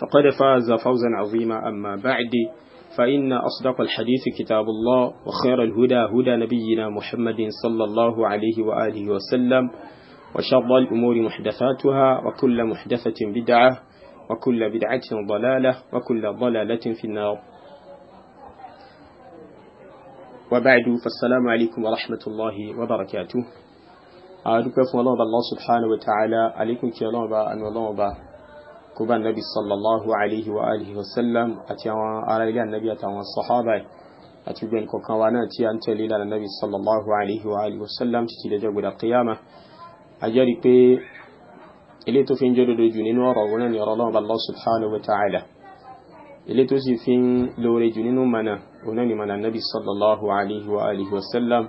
فقد فاز فوزا عظيما أما بعد فإن أصدق الحديث كتاب الله وخير الهدى هدى نبينا محمد صلى الله عليه وآله وسلم وشر الأمور محدثاتها وكل محدثة بدعة وكل بدعة ضلالة وكل ضلالة في النار وبعد فالسلام عليكم ورحمة الله وبركاته أدوك فمالله الله سبحانه وتعالى عليكم كي الله أن الله kó bá nàbí sallallahu alayhi wa alihi wa sallam àti àwọn ará ilé ànàbí àtàwọn sahaba àti gbẹ̀ nǹkan wa náà tí a ń tẹ̀lé ìlànà nàbí sallallahu alayhi wa alihi wa sallam títí dẹjọ́ gbẹ̀dà qiyama a jẹ́rìí pé ilé tó fi ń jẹ́ dodo jù nínú ọ̀rọ̀ wọn ni ọ̀rọ̀ lọ́wọ́ Allah subhanahu wa ta'ala ilé tó sì fi ń lóore jù mana òun ni mana nabi sallallahu alaihi wa alihi wasallam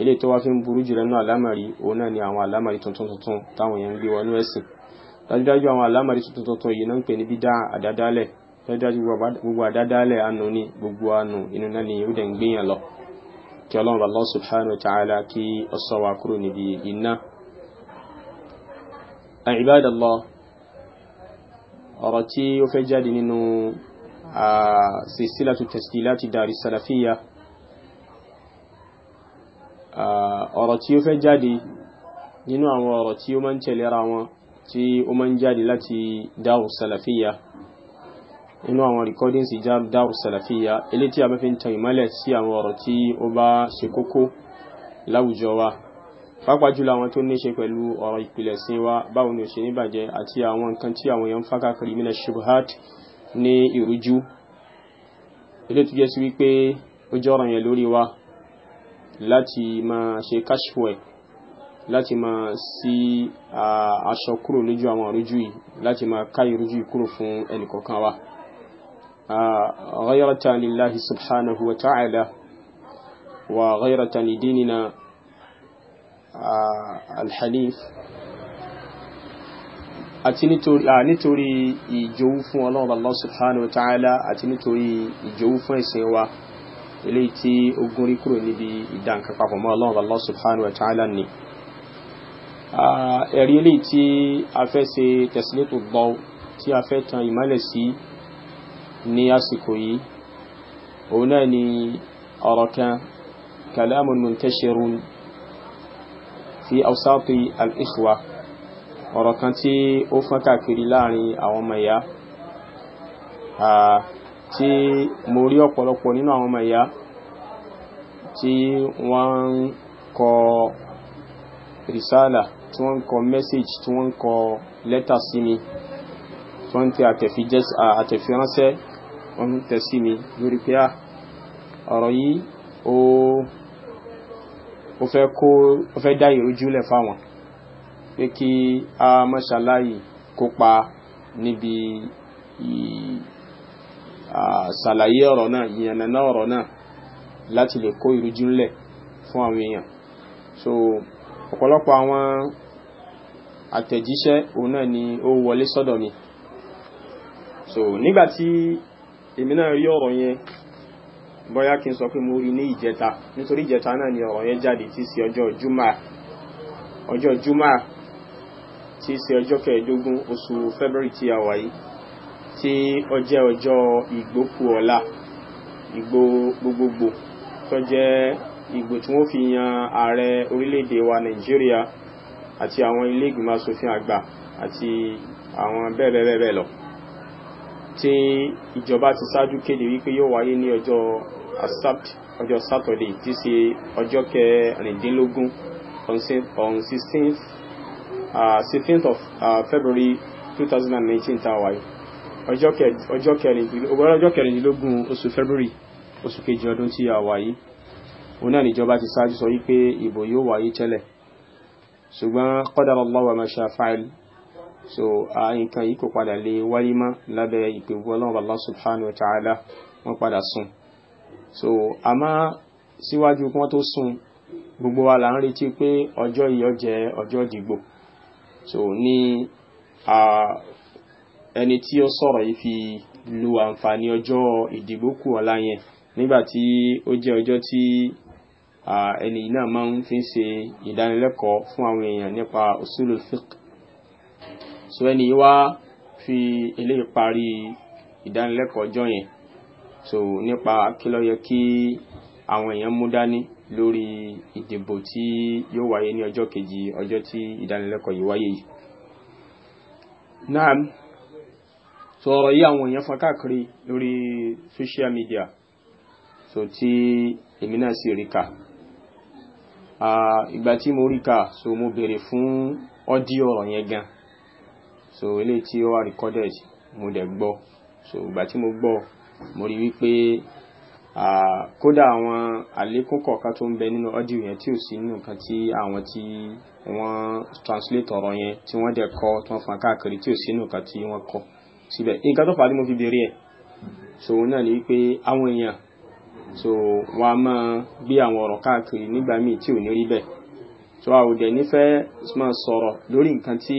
ilé tó wá fi ń burú jù lẹ́nu alámàrí òun ni àwọn alámàrí tuntun tuntun táwọn èèyàn ń gbé wọnú dájúdájú àwọn alámàrí tuntun tuntun yìí náà ń pè ní bídá àdádálẹ̀ dájúdájú gbogbo àdádálẹ̀ àánú ni gbogbo àánú inú náà ni ó dẹ̀ ń gbéyàn lọ kí ọlọ́run Allah subhanahu wa ta'ala kí ó ṣọ́ wa kúrò níbi iná ibadallah ọ̀rọ̀ tí ó fẹ́ jáde nínú silsilatu tasjilati dari salafiyya ọ̀rọ̀ tí ó fẹ́ jáde nínú àwọn ọ̀rọ̀ tí ó máa ń tẹ̀lera wọn tí ó máa ń jáde láti dáwù sàlàfíyà nínú àwọn recordings dáwù sàlàfíyà ilé tí a máa fi ń tan ìmọ́lẹ̀ sí àwọn ọ̀rọ̀ tí ó bá ṣe kókó láwùjọ wa pàápàá jùlọ àwọn tó ní ṣe pẹ̀lú ọ̀rọ̀ ìpìlẹ̀ sí wa báwo ni ó ṣe níbàjẹ́ àti àwọn nǹkan tí àwọn èèyàn ń fákàkiri mina shubhat ní ìrújú ilé tó jẹ́ sí wípé ó jọ́ràn yẹn lórí wa láti máa ṣe kashfu láti máa sí aṣọ kúrò lójú àwọn àrújú yìí láti máa ká ìrújú yìí kúrò fún ẹnìkọ̀ọ̀kan wa ghayratan lillahi subhanahu wa ta'ala wa ghayratan lidinina alhanif àti nítorí ìjòwú fún ọlọ́run Allah subhanahu wa ta'ala àti nítorí ìjòwú fún ẹ̀sìn wa eléyìí tí ogun rí kúrò níbi ìdá papọ̀ mọ́ ọlọ́run Allah subhanahu wa ta'ala ni ẹ̀rí eléyìí tí a fẹ́ ṣe tẹ̀sílẹ̀tò gbọ́ tí a fẹ́ tan ìmọ́lẹ̀ sí ní àsìkò yìí òun náà ni ọ̀rọ̀ kan kalamun muntashirun fi awsati al ọ̀rọ̀ kan tí ó fọ́n káàkiri láàrin àwọn ọmọ tí mo rí ọ̀pọ̀lọpọ̀ nínú àwọn ọmọ tí wọ́n ń kọ risala tí wọ́n ń kọ mẹ́sẹ̀jì tí wọ́n ń kọ lẹ́tà sí mi tí wọ́n ń tẹ àtẹ̀firánṣẹ́ wọ́n ń tẹ̀ sí mi lórí pé ọ̀rọ̀ yìí ó fẹ́ kó ó fẹ́ dá ìrújúlẹ̀ fáwọn pé kí a mọ́ṣáláyì kópa níbi ṣàlàyé ọ̀rọ̀ náà ìyànnà ọ̀rọ̀ náà láti lè kó ìrújúlẹ̀ fún àwọn èèyàn so ọ̀pọ̀lọpọ̀ àwọn àtẹ̀jíṣẹ́ òun náà ni ó wọlé sọ́dọ̀ mi so nígbàtí èmi náà rí ọ̀rọ̀ yẹn bóyá kí n sọ pé mo rí ní ìjẹta nítorí ìjẹta náà ni ọ̀rọ̀ yẹn jáde tí í ṣe ọjọ́ júmà tí í ọjọ́ kẹẹ̀ẹ́dógún oṣù February tí a wà yìí tí ó jẹ́ ọjọ́ ìgbókù ọ̀la ìgbó gbogbogbò tó jẹ́ ìgbò tí wọ́n fi yan ààrẹ orílẹ̀-èdè wa Nàìjíríà àti àwọn ilé ìgbìmọ̀ asòfin àgbà àti àwọn bẹ́ẹ̀bẹ́ẹ̀bẹ́ẹ̀ lọ tí ìjọba ti ṣáájú kéde wípé yóò wáyé ní ọjọ́ asabt ọjọ́ saturday tí ṣe ọjọ́ kẹrìndínlógún on sixteenth sixteenth of february two thousand and nineteen tá a wáyé ọjọ́ kẹrìndínlógún oṣù february oṣù kejì ọdún tí a wáyé òun náà níjọba ti ṣáájú sọ wípé ìbò yóò wáyé tẹ́lẹ̀ ṣùgbọ́n qadara Allah wa ma sha'a so a nǹkan yìí kò padà lè wáyé mọ́ lábẹ́ ìpèwọ́ ọlọ́run Allah subhanahu so àmọ́ síwájú kí wọ́n tó sùn gbogbo wa là ń retí so ní ẹni tí ó sọ̀rọ̀ yìí fi lu àǹfààní ọjọ́ ìdìbò kù ọ̀la yẹn ó jẹ́ ọjọ́ tí ẹni iná máa ń fi ṣe ìdánilẹ́kọ̀ọ́ fún àwọn èèyàn nípa usulul fiqh so ẹni wá fi eléyìí parí ìdánilẹ́kọ̀ọ́ ọjọ́ yẹn so nípa kí ló yẹ kí àwọn èèyàn mú dání lórí ìdìbò tí yóò wáyé ní ọjọ́ kejì ọjọ́ tí ìdánilẹ́kọ̀ọ́ yìí wáyé yìí náà so ọ̀rọ̀ yìí àwọn èèyàn fọn káàkiri lórí social media so tí èmi náà sì ìgbà tí mo rí ká so mo bèrè fún ọ́díò ọ̀rọ̀ yẹn gan so eléyìí tí ó wà recorded mo dẹ̀ gbọ́ so ìgbà tí mo gbọ́ mo rí wípé kódà àwọn àlékún kọ̀ọ̀kan tó ń bẹ nínú ọ́díò yẹn tí ò sí nínú nǹkan tí àwọn tí wọ́n translate ọ̀rọ̀ yẹn tí wọ́n dẹ̀ kọ tí wọ́n fọn káàkiri tí ò sí nínú nǹkan tí wọ́n kọ síbẹ̀ nǹkan tó fà á tí mo fi bèrè ẹ̀ so náà ni wípé àwọn èèyàn so wọn a máa gbé àwọn ọ̀rọ̀ káàkiri nígbà míì tí ò ní rí bẹ́ẹ̀ so a ò dẹ̀ nífẹ̀ẹ́ máa sọ̀rọ̀ lórí nǹkan tí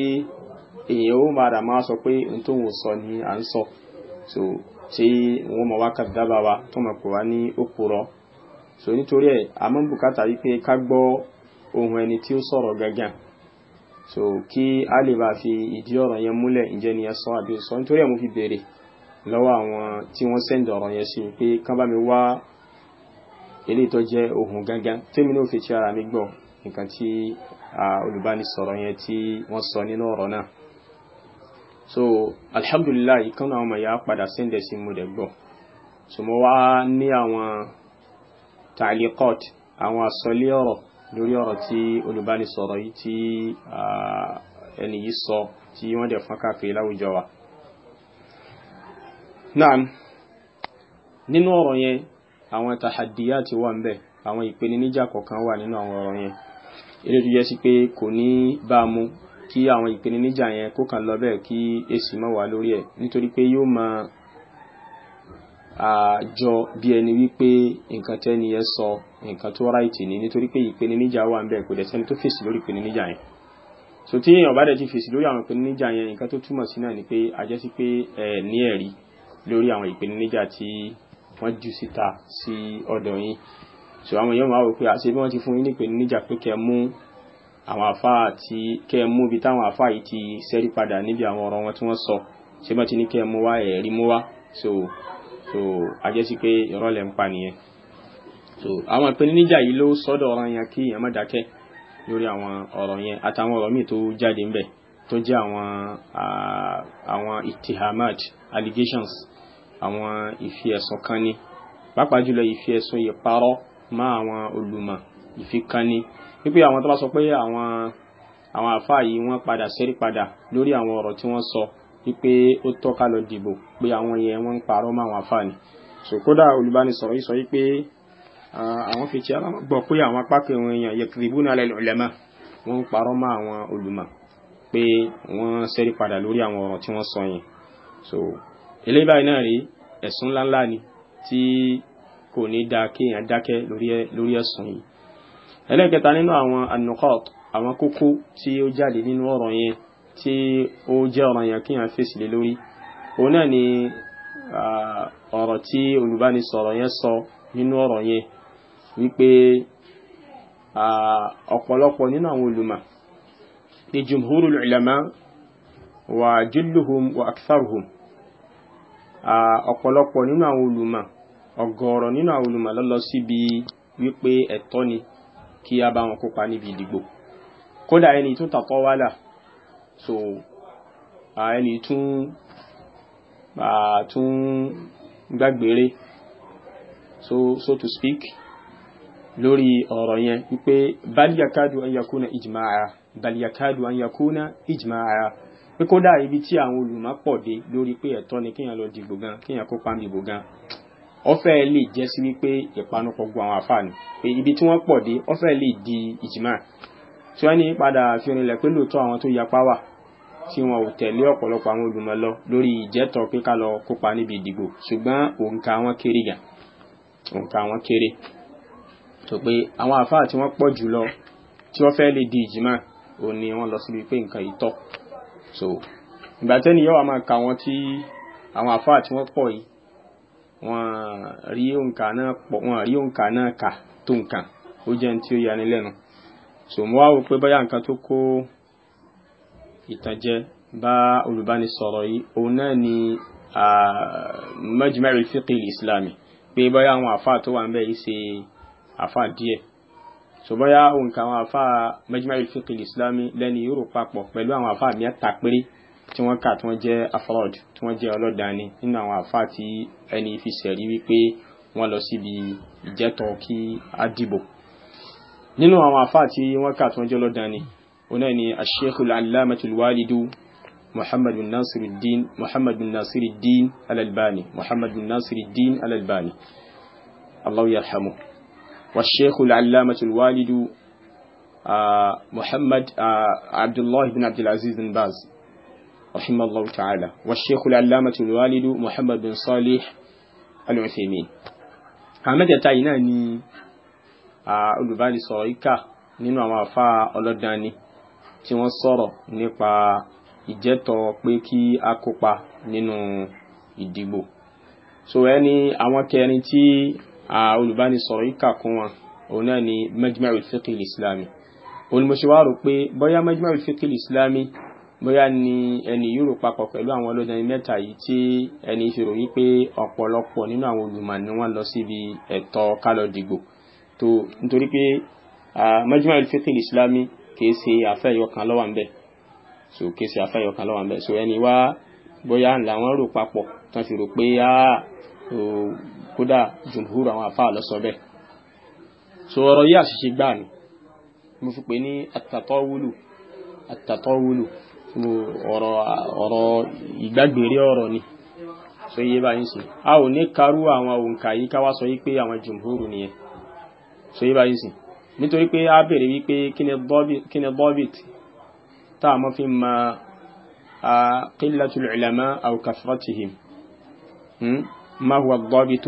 èèyàn ó padà máa sọ pé n tó ń sọ ni à ń sọ so tí wọn mọ wákàtí dábàá wa tó mọ̀ pé wá ní òpùrọ́ so nítorí ẹ̀ a máa ń bùkátà wípé ká gbọ́ ohun ẹni tí ó sọ̀rọ̀ gangan so kí a lè bá fi ìdí ọ̀rọ̀ yẹn múlẹ̀ ǹjẹ́ ni ẹ sọ àbí sọ nítorí ẹ̀ mo fi béèrè lọ́wọ́ àwọn tí wọ́n sẹ́ǹdì ọ̀rọ̀ yẹn sí pé kán bá mi wá eléyìí tó jẹ́ ohun gangan tèmi náà fi ti ara mi gbọ́ nǹkan tí olùbánisọ̀rọ̀ yẹn tí wọ́n sọ nínú ọ̀rọ̀ náà so alhamdulillah ìkànnà àwọn ọmọ ya padà sẹ́ndẹ̀ sí mo dẹ̀ so mo wá ní àwọn ta'liqat àwọn àsọlé ọ̀rọ̀ lórí ọ̀rọ̀ tí olùbánisọ̀rọ̀ yìí tí ẹni yìí sọ tí wọ́n dẹ̀ fọ́n káàkiri láwùjọ wa náà nínú ọ̀rọ̀ yẹn àwọn tàhàdíyà ti wà ń bẹ̀ àwọn ìpèníjà kọ̀ọ̀kan wà nínú àwọn ọ̀rọ̀ yẹn eré tó jẹ́ sí pé kò ní bá a mu kí àwọn ìpèníjà yẹn kó kàn lọ bẹ́ẹ̀ kí èsì má wà lórí ẹ̀ nítorí pé yóò máa àjọ bí ẹni wípé nǹkan tẹ́ni yẹn sọ nǹkan tó ráìtì ni nítorí pé ìpèníjà wà ń bẹ̀ kò dẹ̀ sẹ́ni tó fèsì lórí ìpèníjà yẹn so tí èèyàn bá dẹ̀ ti fèsì lórí àwọn ìpèníjà yẹn nǹkan tó túmọ̀ sí náà ni pé a jẹ́ sí pé ẹ̀ ní ẹ̀rí lórí àwọn ìpèníjà tí wọ́n jù síta sí ọ̀dọ̀ yín so àwọn èèyàn máa wò pé àṣẹ bí wọ́n ti fún yín nípe níjà pé kẹ́ mú àwọn àfáà tí kẹ́ mú ibi táwọn àfáà yìí ti sẹ́rí padà níbi àwọn ọ̀rọ̀ wọn tí wọ́n sọ ṣé bọ́n ti ní kẹ́ mú wá ẹ̀rí mú wá so so ajẹ́ sí pé ìrọ̀lẹ̀ ń pa nìyẹn so àwọn ìpèníjà yìí ló sọ́dọ̀ ọ̀rọ̀ yẹn kí èèyàn má dákẹ́ lórí àwọn ọ̀rọ̀ yẹn àtàwọn ọ̀rọ̀ míì tó jáde ńbẹ̀ tó jẹ́ àwọn àwọn ittihamat allegations àwọn ìfi ẹ̀sùn kan ni pàápàá jùlọ ìfi ẹ̀sùn ìparọ́ mọ́ àwọn olùmọ̀ ìfikanni wípé àwọn tó bá sọ pé àwọn àwọn àfáà yìí wọ́n padà ṣẹ́rí padà lórí àwọn ọ̀rọ̀ tí wọ́n sọ wípé ó tọ́ka lọ dìbò pé àwọn yẹn wọ́n ń parọ́ mọ́ àwọn àfáà ni sòkódà olùbánisọ̀rọ̀ yìí sọ wípé àwọn fìtí alágbọ̀ pé àwọn apá kan èèyàn yakribuna lil ulama wọ́n ń parọ́ mọ́ àwọn olùmọ̀ pé wọ́n ṣẹ́rí padà lórí àwọn ọ̀rọ̀ tí wọ́n sọ yẹn so eléyìí báyìí náà rí ẹ̀sùn ńláńlá ni tí kò ní dáa kéèyàn dákẹ́ lórí ẹ̀sùn yìí ẹlẹ́kẹta nínú àwọn anukọ́t àwọn kókó tí ó jáde nínú ọ̀rọ̀ yẹn tí ó jẹ́ ọ̀rọ̀ yẹn kéèyàn fèsì lé lórí òun náà ni ọ̀rọ̀ tí olùbánisọ̀rọ̀ yẹn sọ nínú ọ̀rọ̀ yẹn wípé ọ̀pọ̀lọpọ̀ nínú àwọn olùmọ̀ ni jumhurul ulama wa julluhum wa aktharuhum ọ̀pọ̀lọpọ̀ nínú àwọn olùmọ̀ ọ̀gọ̀ọ̀rọ̀ nínú àwọn olùmọ̀ ló lọ síbi wípé ẹ̀tọ́ ni kí a bá wọn kópa níbi ìdìbò kódà ẹni tó tàkọ́ wálà so ẹni tún tún gbàgbére so so to speak lórí ọ̀rọ̀ yẹn wípé bal yakadu an yakuna ijma'a bal yakadu an yakuna ijma'a pé kódà ibi tí àwọn olùmọ̀ pọ̀ dé lórí pé ẹ̀tọ́ ni kéèyàn lọ dìbò gan kéèyàn kópa ń gan ọfẹ́ lè jẹ́ sí wípé ìpanupọ̀ gun àwọn àfààní pé ibi tí wọ́n pọ̀ dé ọfẹ́ lè di ìjìmá tí wọ́n ní padà fi rinlẹ̀ pé lóòótọ́ àwọn tó yapa wà tí wọn ò tẹ̀lé ọ̀pọ̀lọpọ̀ àwọn olùmọ̀ lọ lórí ìjẹ́tọ̀ pé ká lọ kópa níbi ìdìbò ṣùgbọ́n òǹkà wọn kéré gan òǹkà wọn kéré tó pé àwọn àfáà tí wọ́n pọ̀ jù lọ tí wọ́n fẹ́ lè di ìjìmá òun ni wọ́n lọ síbi pé nǹkan ìtọ́ so ìgbà tẹ́ni yóò wá máa ka wọn tí àwọn àfáà tí wọ́n pọ̀ yìí wọ́n rí òǹkà náà pọ̀ wọ́n rí òǹkà náà kà tó nǹkan ó jẹ́ ní tí ó yani lẹ́nu so mo wá wò pé báyà nǹkan tó kó ìtànjẹ bá olùbánisọ̀rọ̀ yìí òun náà ni majmari fiqh islami pé báyà àwọn àfáà tó wà ń bẹ̀ yìí ṣe àfáà díẹ̀ ṣùgbọ́n yá òǹkà àwọn àfa Majma' al-Fiqh al-Islami lẹ́ni yóò rò papọ̀ pẹ̀lú àwọn àfa mẹ́ta péré tí wọ́n kà tí wọ́n jẹ́ afrod tí wọ́n jẹ́ ọlọ́dàáni nínú àwọn àfa tí ẹni fi sẹ̀rí wípé wọ́n lọ síbi ìjẹ́tọ̀ kí á dìbò nínú àwọn àfa tí wọ́n kà tí wọ́n jẹ́ ọlọ́dàáni òun náà ni Ash-Sheikh al Nasiruddin Muhammad Nasiruddin al-Albani Nasiruddin al Allahu yarhamuh والشيخ العلامة الوالد محمد عبد الله بن عبد العزيز بن باز رحمه الله تعالى والشيخ العلامة الوالد محمد بن صالح العثيمين àmẹ́jẹ̀ta yìí náà ni olùbánisọ̀rọ̀ ìkà nínú àwọn àfá ọlọ́dani tí wọ́n sọ̀rọ̀ nípa ìjẹ́tọ̀ pé kí a kópa nínú ìdìbò so ẹni àwọn kẹrin tí olùbánisọ̀rọ̀ yìí kà kún wọn òun náà ni majma'ul fiqh islami òun ni mo ṣe wá rò pé bóyá majma'ul fiqh islami bóyá ni ẹni yìí rò papọ̀ pẹ̀lú àwọn ọlọ́dún mẹ́ta yìí tí ẹni fi ròyìn pé ọ̀pọ̀lọpọ̀ nínú àwọn olùmọ̀ ni wọ́n lọ síbi ẹ̀tọ́ kálọ̀ dìgbò tó nítorí pé majma'ul fiqh islami kìí ṣe àfẹ́yọ kan lọ́wọ́ ń bẹ̀ so kìí ṣe àfẹ́yọ lọ́wọ́ ń bẹ̀ so ẹni wá bóyá làwọn rò papọ̀ tán fi rò pé kódà jùmhur àwọn àfáà ló sọ bẹ́ẹ̀ so ọ̀rọ̀ yìí àṣìṣe gbà ní mo fi pè ní àtàtọ́wúlù àtàtọ́wúlù ọ̀rọ̀ ìgbàgbèrè ọ̀rọ̀ ni so iye báyìí sí a ò ní karú àwọn òǹkà yìí káwá sọ wípé àwọn jùmhur nìyẹn so iye báyìí sí nítorí pé a bèèrè wípé kí ni bobit tá a mọ́ fi ma qillatul ulama aw kathratihim hmm? ما هو الضابط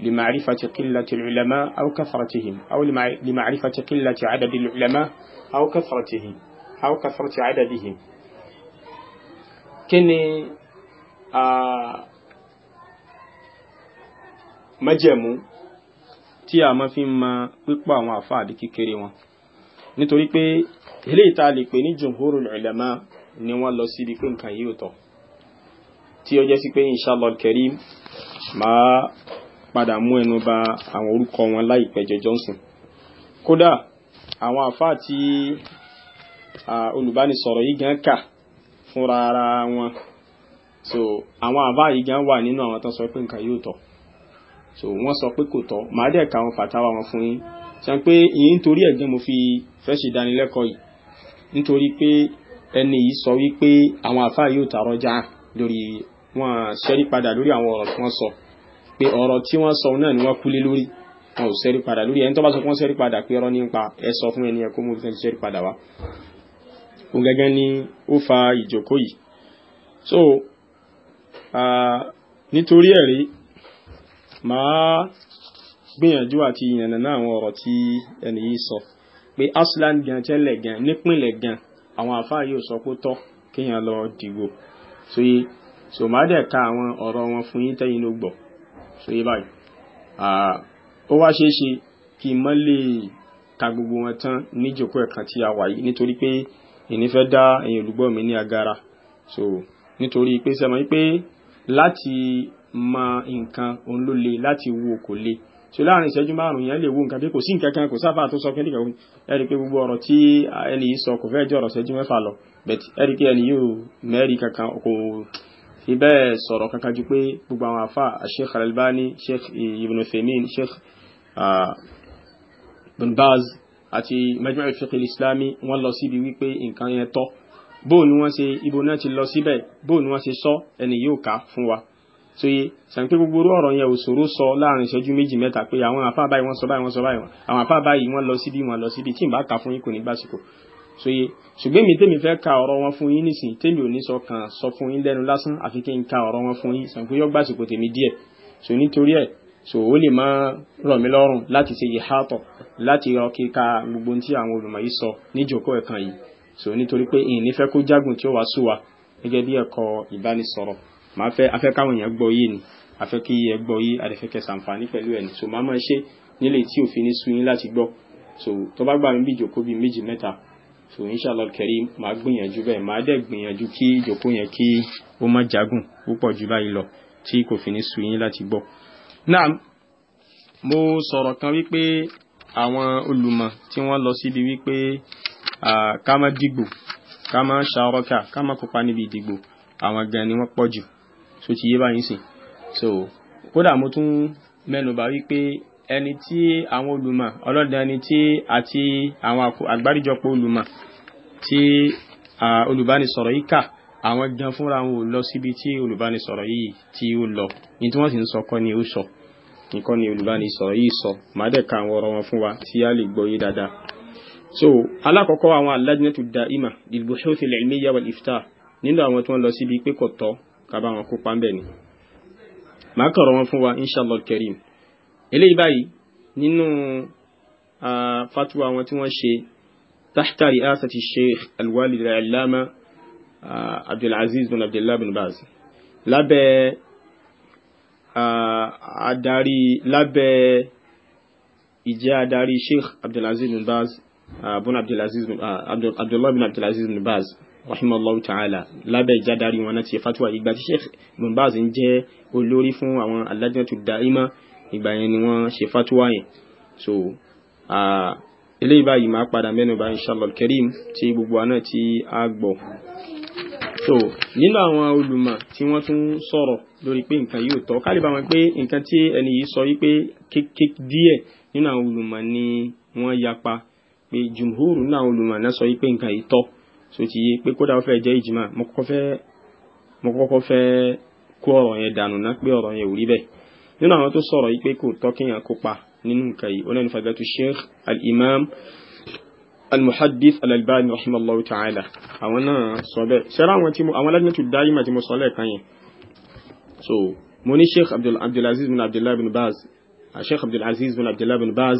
لمعرفة قلة العلماء أو كثرتهم أو لمعرفة قلة عدد العلماء أو كثرتهم أو كثرة عددهم كني مجمو májẹ̀mú tí a máa fi ma pípọ̀ àwọn àfáà àdí kékeré wọn nítorí pé eléyìí tá a lè pè ní jumhurul ulama ni wọ́n lọ síbi pé nǹkan yìí ò tí ó jẹ́ sí pé inshallah karim màá padà mú ẹnu bà àwọn orúkọ wọn láìpẹ́ jẹ Johnson kódà àwọn àfáà tí olùbánisọ̀rọ̀ yìí gan kà fúnra ara wọn so àwọn àbá yìí gan wà nínú àwọn tán sọ pé nǹkan yóò tọ̀ so wọ́n sọ pé kò tọ̀ màá dẹ̀ ka àwọn fàtàwà wọn fún yín sọ pé ìyín nítorí ẹ̀gbẹ́ mo fi fẹ́ ṣe ìdánilẹ́kọ̀ọ́ yìí nítorí pé ẹni yìí sọ wípé àwọn àfáà yóò tààrọ̀ já lórí wọn ṣẹ́rí padà lórí àwọn ọ̀rọ̀ tí wọ́n sọ pé ọ̀rọ̀ tí wọ́n sọ náà ni wọ́n kú lé lórí wọn ò ṣẹ́rí padà lórí ẹni tó bá sọ pé wọ́n ṣẹ́rí padà pé ọ̀rọ̀ nípa ẹ sọ fún ẹni ẹ kó mú ibi tí wọ́n padà wá. òun gẹ́gẹ́ ni ó fa ìjókòó yìí so nítorí ẹ̀rí màá gbìyànjú àti ìyànnà náà àwọn ọ̀rọ̀ tí ẹni yìí sọ pé aslan gan tẹ́lẹ̀ gan nípìnlẹ̀ gan àwọn àfáà yóò sọ pé tọ́ kéèyàn lọ dìbò sóyè so máa dẹ̀ ka àwọn ọ̀rọ̀ wọn fún yín tẹ́yìn ló gbọ́ so yé báyìí ó wá ṣeé ṣe kí n mọ́ lè ka gbogbo wọn tán níjòkó ẹ̀kan tí a wà yìí nítorí pé èmi fẹ́ dá ẹ̀yin olùgbọ́ mi ní agara so nítorí pé sẹ́mọ̀ wípé láti mọ nǹkan òun ló le láti wo kò le so láàrin ìṣẹ́jú márùn-ún yẹn lè wo nǹkan pé kò sí nǹkan kan kò sáfà tó sọ kẹ́lì kan ẹ̀rí pé gbogbo ọ̀rọ̀ tí ẹni yìí sọ kò fẹ́ jẹ́ ọ̀rọ̀ ìṣẹ́jú mẹ́fà lọ bẹ̀t ẹ̀rí pé ẹni yóò mẹ́rin kankan kò fi bẹ́ẹ̀ sọ̀rọ̀ kankan ju pé gbogbo àwọn àfà sheikh al-albani sheikh ibn femin sheikh bin baz àti majmu' fiqh al-islami wọ́n lọ síbi wípé nǹkan yẹn tọ́ bóò ni wọ́n ṣe ibo náà ti lọ síbẹ̀ bóò ni wọ́n ṣe sọ ẹni yóò ká fún wa tó yé sàǹpé gbogbo orú ọ̀rọ̀ yẹn ò ṣòro sọ láàrin ìṣẹ́jú méjì mẹ́ta pé àwọn àfà báyìí wọ́n sọ báyìí wọ́n sọ báyìí àwọn àfà báyìí wọ́n lọ síbi wọ́n lọ síbi tí ì bá kà fún yín kò ní gbàsìkò soye ṣùgbọ́n mi tèmi fẹ́ ka ọ̀rọ̀ wọn fún yín nísìnyí tèmi ò ní sọ kàn sọ fún yín lẹ́nu lásán àfi kí n ka ọ̀rọ̀ wọn fún yín sànkú yọ gbàsìkò tèmi díẹ̀ so nítorí ẹ̀ so ó lè máa rọ̀ mí lọ́rùn láti ṣe ìhátọ̀ láti rọ kíka gbogbo tí àwọn olùmọ̀ yìí sọ níjókòó ẹ̀kan yìí so nítorí pé ìyìn nífẹ́ kó jágùn tí ó wá sú gẹ́gẹ́ bí ẹ̀kọ́ ìbánisọ̀rọ̀ máa fẹ́ káwọn èèyàn gbọ́ yé ni afẹ́ kí ẹ gbọ́ yé àdẹ́fẹ́kẹ́ sàǹfààní pẹ̀lú ẹ̀ ni so máa máa ṣe nílé tí òfin ní sú yín láti gbọ́ so tó bá gbà mí bí ìjókòó bíi méjì mẹ́ta so inshallah karim máa gbìyànjú bẹ́ẹ̀ máa dẹ̀ gbìyànjú kí ìjókòó yẹn kí ó má jágùn púpọ̀ jù báyìí lọ tí kò fi ní sú láti gbọ́. náà mo sọ̀rọ̀ kan wípé àwọn olùmọ̀ tí wọ́n lọ síbi wípé ká má dìgbò ká má ṣàrọ́kà ká má kópa níbi ìdìgbò àwọn gan ni wọ́n pọ̀ jù so ti yé báyìí sìn so kódà mo tún mẹ́nuba wípé ẹni tí àwọn olùmọ̀ ọlọ́dàn ẹni tí àti àwọn àgbáríjọpọ̀ olùmọ̀ tí olùbánisọ̀rọ̀ yìí kà àwọn gan fúnra wọn ò lọ síbi tí olùbánisọ̀rọ̀ yìí tí ó lọ ní tí wọ́n sì ń sọ kọ́ ni ó sọ nǹkan ni olùbánisọ̀rọ̀ yìí sọ màá dẹ̀ ka àwọn ọ̀rọ̀ wọn fún wa tí a lè gbọ́ yé dáadáa. so alákọ̀ọ́kọ́ àwọn alájínẹ́tù da'ima lilbuhuthi al-ilmiyya wal-iftah nínú àwọn tí wọ́n lọ síbi pé kò tọ́ ká bá wọn kópa ńbẹ̀ ni. màá kọ̀rọ̀ wọn fún wa inshallah karim eléyìí báyìí nínú fatuwa wọn tí wọ́n ṣe tahta ri'asati sheikh alwalid alama abdulaziz bin abdullah bin baz lábẹ́ adarí lábẹ́ ìjẹ́ adarí sheikh abdulaziz bin baz bin abdulaziz bin abdullah bin abdulaziz bin baz rahimallahu ta'ala lábẹ́ ìjádari wọn náà ti fatuwa ìgbà tí sheikh bin baz ń jẹ́ olórí fún àwọn alájẹ́tù dáímà ìgbà yẹn ni wọ́n ṣe fatuwa yẹn so eléyìí báyìí máa padà mẹ́nu bá inshallah kerim tí gbogbo àná tí a gbọ́ so nínú àwọn olùmọ̀ tí wọ́n tún sọ̀rọ̀ lórí pé nǹkan yóò tọ́ kálíbà wọn pé nǹkan tí ẹni yìí sọ wípé kéèké díẹ̀ nínú àwọn olùmọ̀ ni wọ́n yapa pé jùmhúrù nínú àwọn olùmọ̀ náà sọ wípé nǹkan yìí tọ́ so ti yé pé kódà ó fẹ́ jẹ́ ìjìmá mo kọ́kọ́ fẹ́ kó ọ̀rọ̀ yẹn dànù ná pé ọ̀rọ̀ yẹn ò rí bẹ́ẹ̀ nínú àwọn tó sọ̀rọ̀ yìí pé kò tọ́kìyàn kópa nínú nǹkan yìí onáni fagatu sheikh al-imam al-muhaddith al-albani rahimallahu ta'ala àwọn náà sọ bẹ́ẹ̀ ṣẹ́rá àwọn tí mo àwọn lajnatu daima tí mo sọ lẹ́ẹ̀kan yẹn so mo ní sheikh abdulaziz bin abdullahi bin baz ah, sheikh abdulaziz bin abdullahi bin baz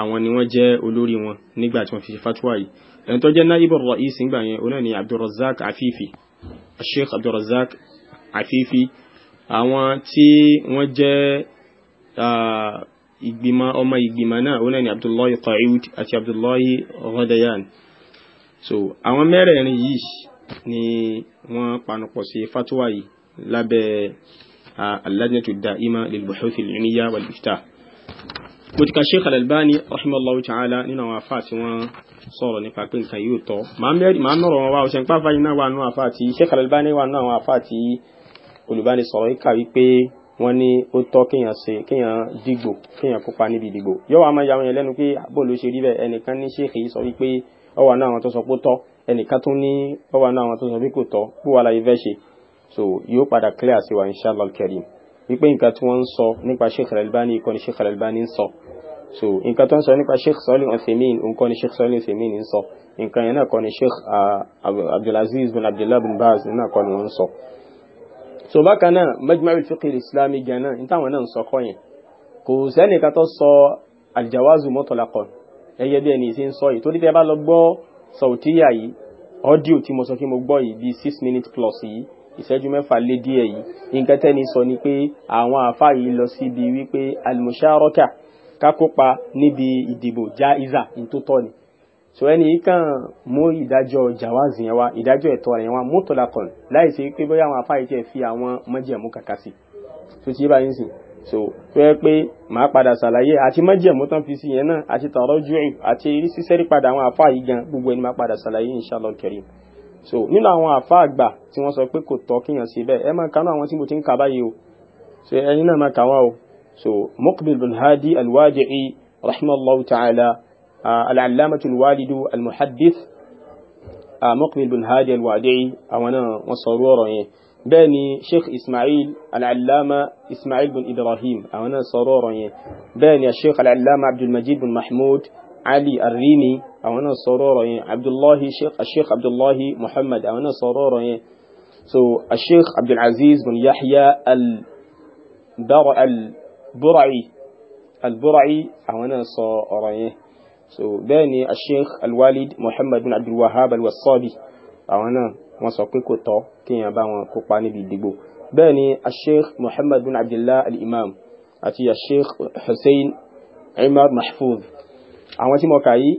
àwọn ni wọ́n jẹ́ olórí wọn nígbà tí wọ́n fi ṣe fatwa yìí ẹni tó jẹ́ naibu ra'is nígbà yẹn onáni abdulrazak afifi sheikh abdulrazak afifi àwọn tí wọ́n jẹ́ ìgbìmọ̀ ọmọ ìgbìmọ̀ náà ó náà ni abdullahi qa'id àti abdullahi ghadayan so àwọn mẹ́rẹ̀ẹ̀rin yìí ni wọ́n panupọ̀ sí fatuwa yìí lábẹ́ al-lajnatu da'ima lil-buhuth al-ilmiyya wal-iftah mo ti ka sheikh al-albani rahimahullahu ta'ala nínú àwọn afá tí wọ́n sọ̀rọ̀ nípa pé nǹkan yóò tọ́ màá nọ̀rọ̀ wọn wá ọ̀sẹ̀ ń pàfà yìí náà wà nù àfá tí sheikh al wà nù àwọn afá tí olùbánisọ̀rọ̀ yìí kà wípé wọ́n ní ó tọ́ kéèyàn ṣe kéèyàn dìgbò kéèyàn kópa níbi ìdìgbò yọ̀wọ́ àmọ́ ìyàwó yẹn lẹ́nu pé bó ló ṣe rí bẹ́ẹ̀ ẹnìkan ní ṣèkì sọ wípé ó wà náà àwọn tó sọ pé ó tọ́ ẹnìkan tún ní ó wà náà àwọn tó sọ pé kò tọ́ bó wà láyé fẹ́ ṣe so yóò padà clear sí wa inshallah karim wípé nǹkan tí wọ́n ń sọ nípa Sheikh al ìkọ́ni Sheikh al so nǹkan tó ń sọ nípa Sheikh Salih Al-Uthaymeen nǹkan ni Sheikh Salih al ah, Abdulaziz bin Abdullah bin Baz náà kọ́ ń sọ so bákan náà majma'ul fiqh islami gana ní táwọn náà ń sọ kọ́ yẹn kò sẹ́nìkan tó sọ aljawazu mutlaqan ẹyẹ bí ẹni tí ń sọ yìí torí tẹ́ bá lọ gbọ́ sọ̀tíyà yìí ọ́díò tí mo sọ kí mo gbọ́ yìí bíi six minutes plus yìí ìṣẹ́jú mẹ́fà lé díẹ̀ yìí nǹkan tẹ́ni sọ ni pé àwọn àfá yìí lọ síbi wípé almusharaka ká kópa níbi ìdìbò jaiza ní tó ni so ẹni kan mú ìdájọ́ jawaz yẹn wá ìdájọ́ ẹ̀tọ́ rẹ̀ yẹn wá mutlaqan láì ṣe pé bóyá àwọn afáyé tiẹ̀ fi àwọn mọ́jẹ̀mú kàkà sí tó ti bá yín sìn so tó yẹ pé màá padà ṣàlàyé àti mọ́jẹ̀mú tán fi sí yẹn náà àti tọ̀rọ̀ jùlọ àti eré sísẹ́rí padà àwọn afáyé gan gbogbo ẹni máa padà ṣàlàyé inshallah karim so nínú àwọn àfa àgbà tí wọ́n sọ pé kò tọ́ kíyàn sí bẹ́ẹ̀ ẹ máa kanú àwọn tí mo ti ń kà báyìí o so ẹni náà máa kà wọ́n o so Muqbil bin Hadi al-Wadi'i ta'ala آه، العلامة الوالد المحدث آه، مقبل بن هادي الوادعي أو أنا وصرورا بني شيخ إسماعيل العلامة إسماعيل بن إبراهيم أو أنا صرورا بني الشيخ العلامة عبد المجيد بن محمود علي الريمي أنا صرورا عبد الله شيخ الشيخ عبد الله محمد أو أنا صرورا سو الشيخ عبد العزيز بن يحيى البرعي البرعي أو أونا صرورا so bẹ́ẹ̀ ni asheikh alwalid muhammad bin abdul wahab alwasabi àwọn náà wọ́n sọ pé kò tọ́ kí èèyàn bá wọn kópa níbi ìdìbò bẹ́ẹ̀ ni asheikh muhammad abdullah alimam imam àti asheikh hussein imar mahfuz àwọn tí mo kà yí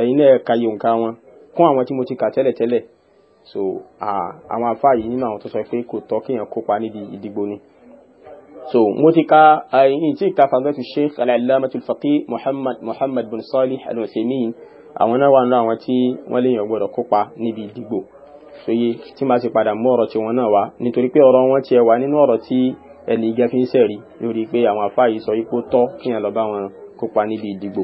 ẹ̀yin náà ka yòǹkà wọn kún àwọn tí mo ti kà tẹ́lẹ̀tẹ́lẹ̀ so àwọn afáàyí nínú àwọn tó sọ pé kò tọ́ kí èèyàn kópa níbi ìdìbò ni so mo ti ka ayin tí ka fagatu sheikh al-allamatu al-faqih muhammad muhammad bin salih al-uthaymeen àwọn náà wà nínú àwọn tí wọ́n lè yàn gbọ́dọ̀ kópa níbi ìdìbò so yé tí máa sì padà mú ọ̀rọ̀ tí wọ́n náà wá nítorí pé ọ̀rọ̀ wọn tiẹ̀ wà nínú ọ̀rọ̀ tí ẹni igẹ́ fi ń sẹ̀rí lórí pé àwọn afá yìí sọ ipò tọ́ kí yẹn lọ bá wọn kópa níbi ìdìbò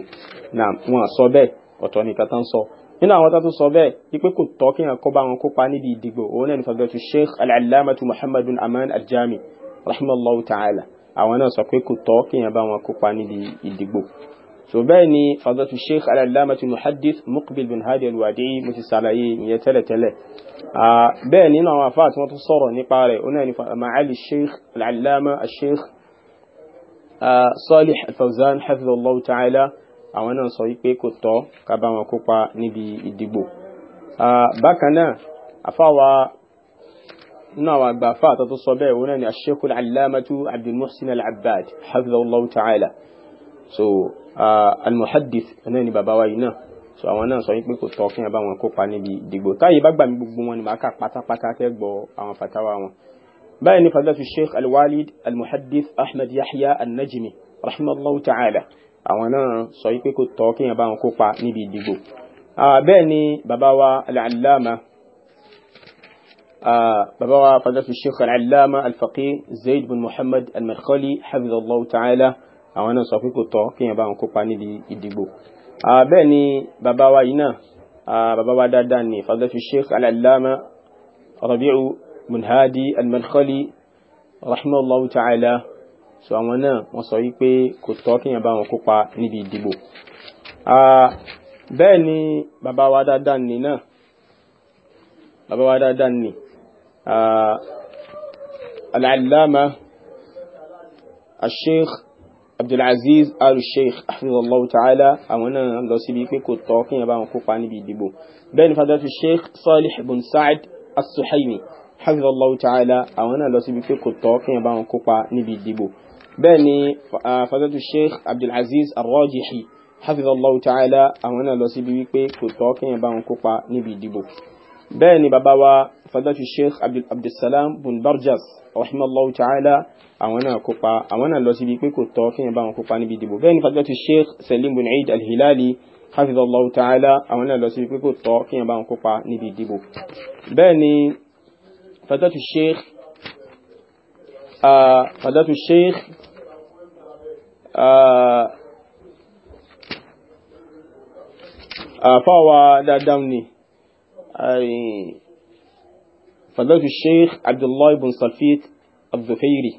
náà wọn sọ bẹ́ẹ̀ ọ̀tọ̀ nìkan tán sọ nínú àwọn tó sọ bẹ́ẹ̀ wípé kò tọ́ kí wọn kópa níbi ìdìbò òun náà ní fagatu sheikh al-allamatu muhammad bin aman al-jami rahmanallahu ta'ala àwọn náà sọ pé kò tọ́ kéèyàn bá wọn kópa níbi ìdìbò so bẹ́ẹ̀ ni fadatu sheikh alalamatu muhaddith muqbil bin hadi alwadi'i mo ti ṣàlàyé ìyẹn tẹ́lẹ̀tẹ́lẹ̀ bẹ́ẹ̀ nínú àwọn afá tí wọ́n tún sọ̀rọ̀ nípa rẹ̀ ó náà ni ma'ali sheikh alalama sheikh salih alfawzan hafizallahu ta'ala àwọn náà sọ wípé kò tọ́ ká bá wọn kópa níbi ìdìbò bákan náà afáwa nínú àwọn àgbàfà àtọ́tọ́ sọ bẹ́ẹ̀ wọn ni aṣẹ́kù alámatu abdulmuhsin al-abbad hafizahullahu ta'ala so almuhadith náà ni bàbá wa yìí náà so àwọn náà sọ wípé kò tọ́ kíyàn bá wọn kópa níbi ìdìgbò táyé bá gbà mí gbogbo wọn ni màá kà pátápátá kẹ́ gbọ́ àwọn fatawa wọn báyìí ni fadlatu sheikh alwalid almuhadith ahmed yahya annajmi rahimahullahu ta'ala àwọn náà sọ wípé kò tọ́ kíyàn wọn kópa níbi ìdìgbò bẹ́ẹ̀ ni bàbá wa al-allama bàbá wa fadlatu sheikh al-allama al-faqih zayd bin muhammad al-madkhali hafizallahu ta'ala àwọn náà sọ pé kò tọ́ kéèyàn bá wọn kópa níbi ìdìbò bẹ́ẹ̀ ni bàbá wa yìí náà bàbá wa dáadáa ni fadlatu sheikh al-allama rabi'u bin hadi al-madkhali rahimahullahu ta'ala so àwọn náà wọ́n sọ wípé kò tọ́ kíyàn bá wọn kópa níbi ìdìbò bẹ́ẹ̀ ni bàbá wa dáadáa nì náà bàbá wa dáadáa nì العلامة الشيخ عبد العزيز آل الشيخ حفظه الله تعالى أمونا لو سيبيكي كتوكين يبان كوكاني بيديبو بين فضلة الشيخ صالح بن سعد السحيمي حفظه الله تعالى أمونا لو سيبيكي كتوكين يبان كوكاني بيديبو بين فضلة الشيخ عبد العزيز الراجحي حفظه الله تعالى أمونا لو سيبيكي كتوكين يبان كوكاني بيديبو bẹ́ẹ̀ ni bàbá wa fadatu sheikh abdulsalam bun barjas rahimallahu ta'ala àwọn náà kópa àwọn náà lọ síbi pé kò tọ́ kí yẹn bá wọn kópa níbi ìdìbò bẹ́ẹ̀ ni fadatu sheikh salim bun eid alhilali hafizallahu ta'ala àwọn náà lọ síbi pé kò tọ́ kí yẹn bá wọn kópa níbi ìdìbò bẹ́ẹ̀ ni fadatu sheikh fadatu dáadáa ni فضلت الشيخ عبد الله بن صفيت الظفيري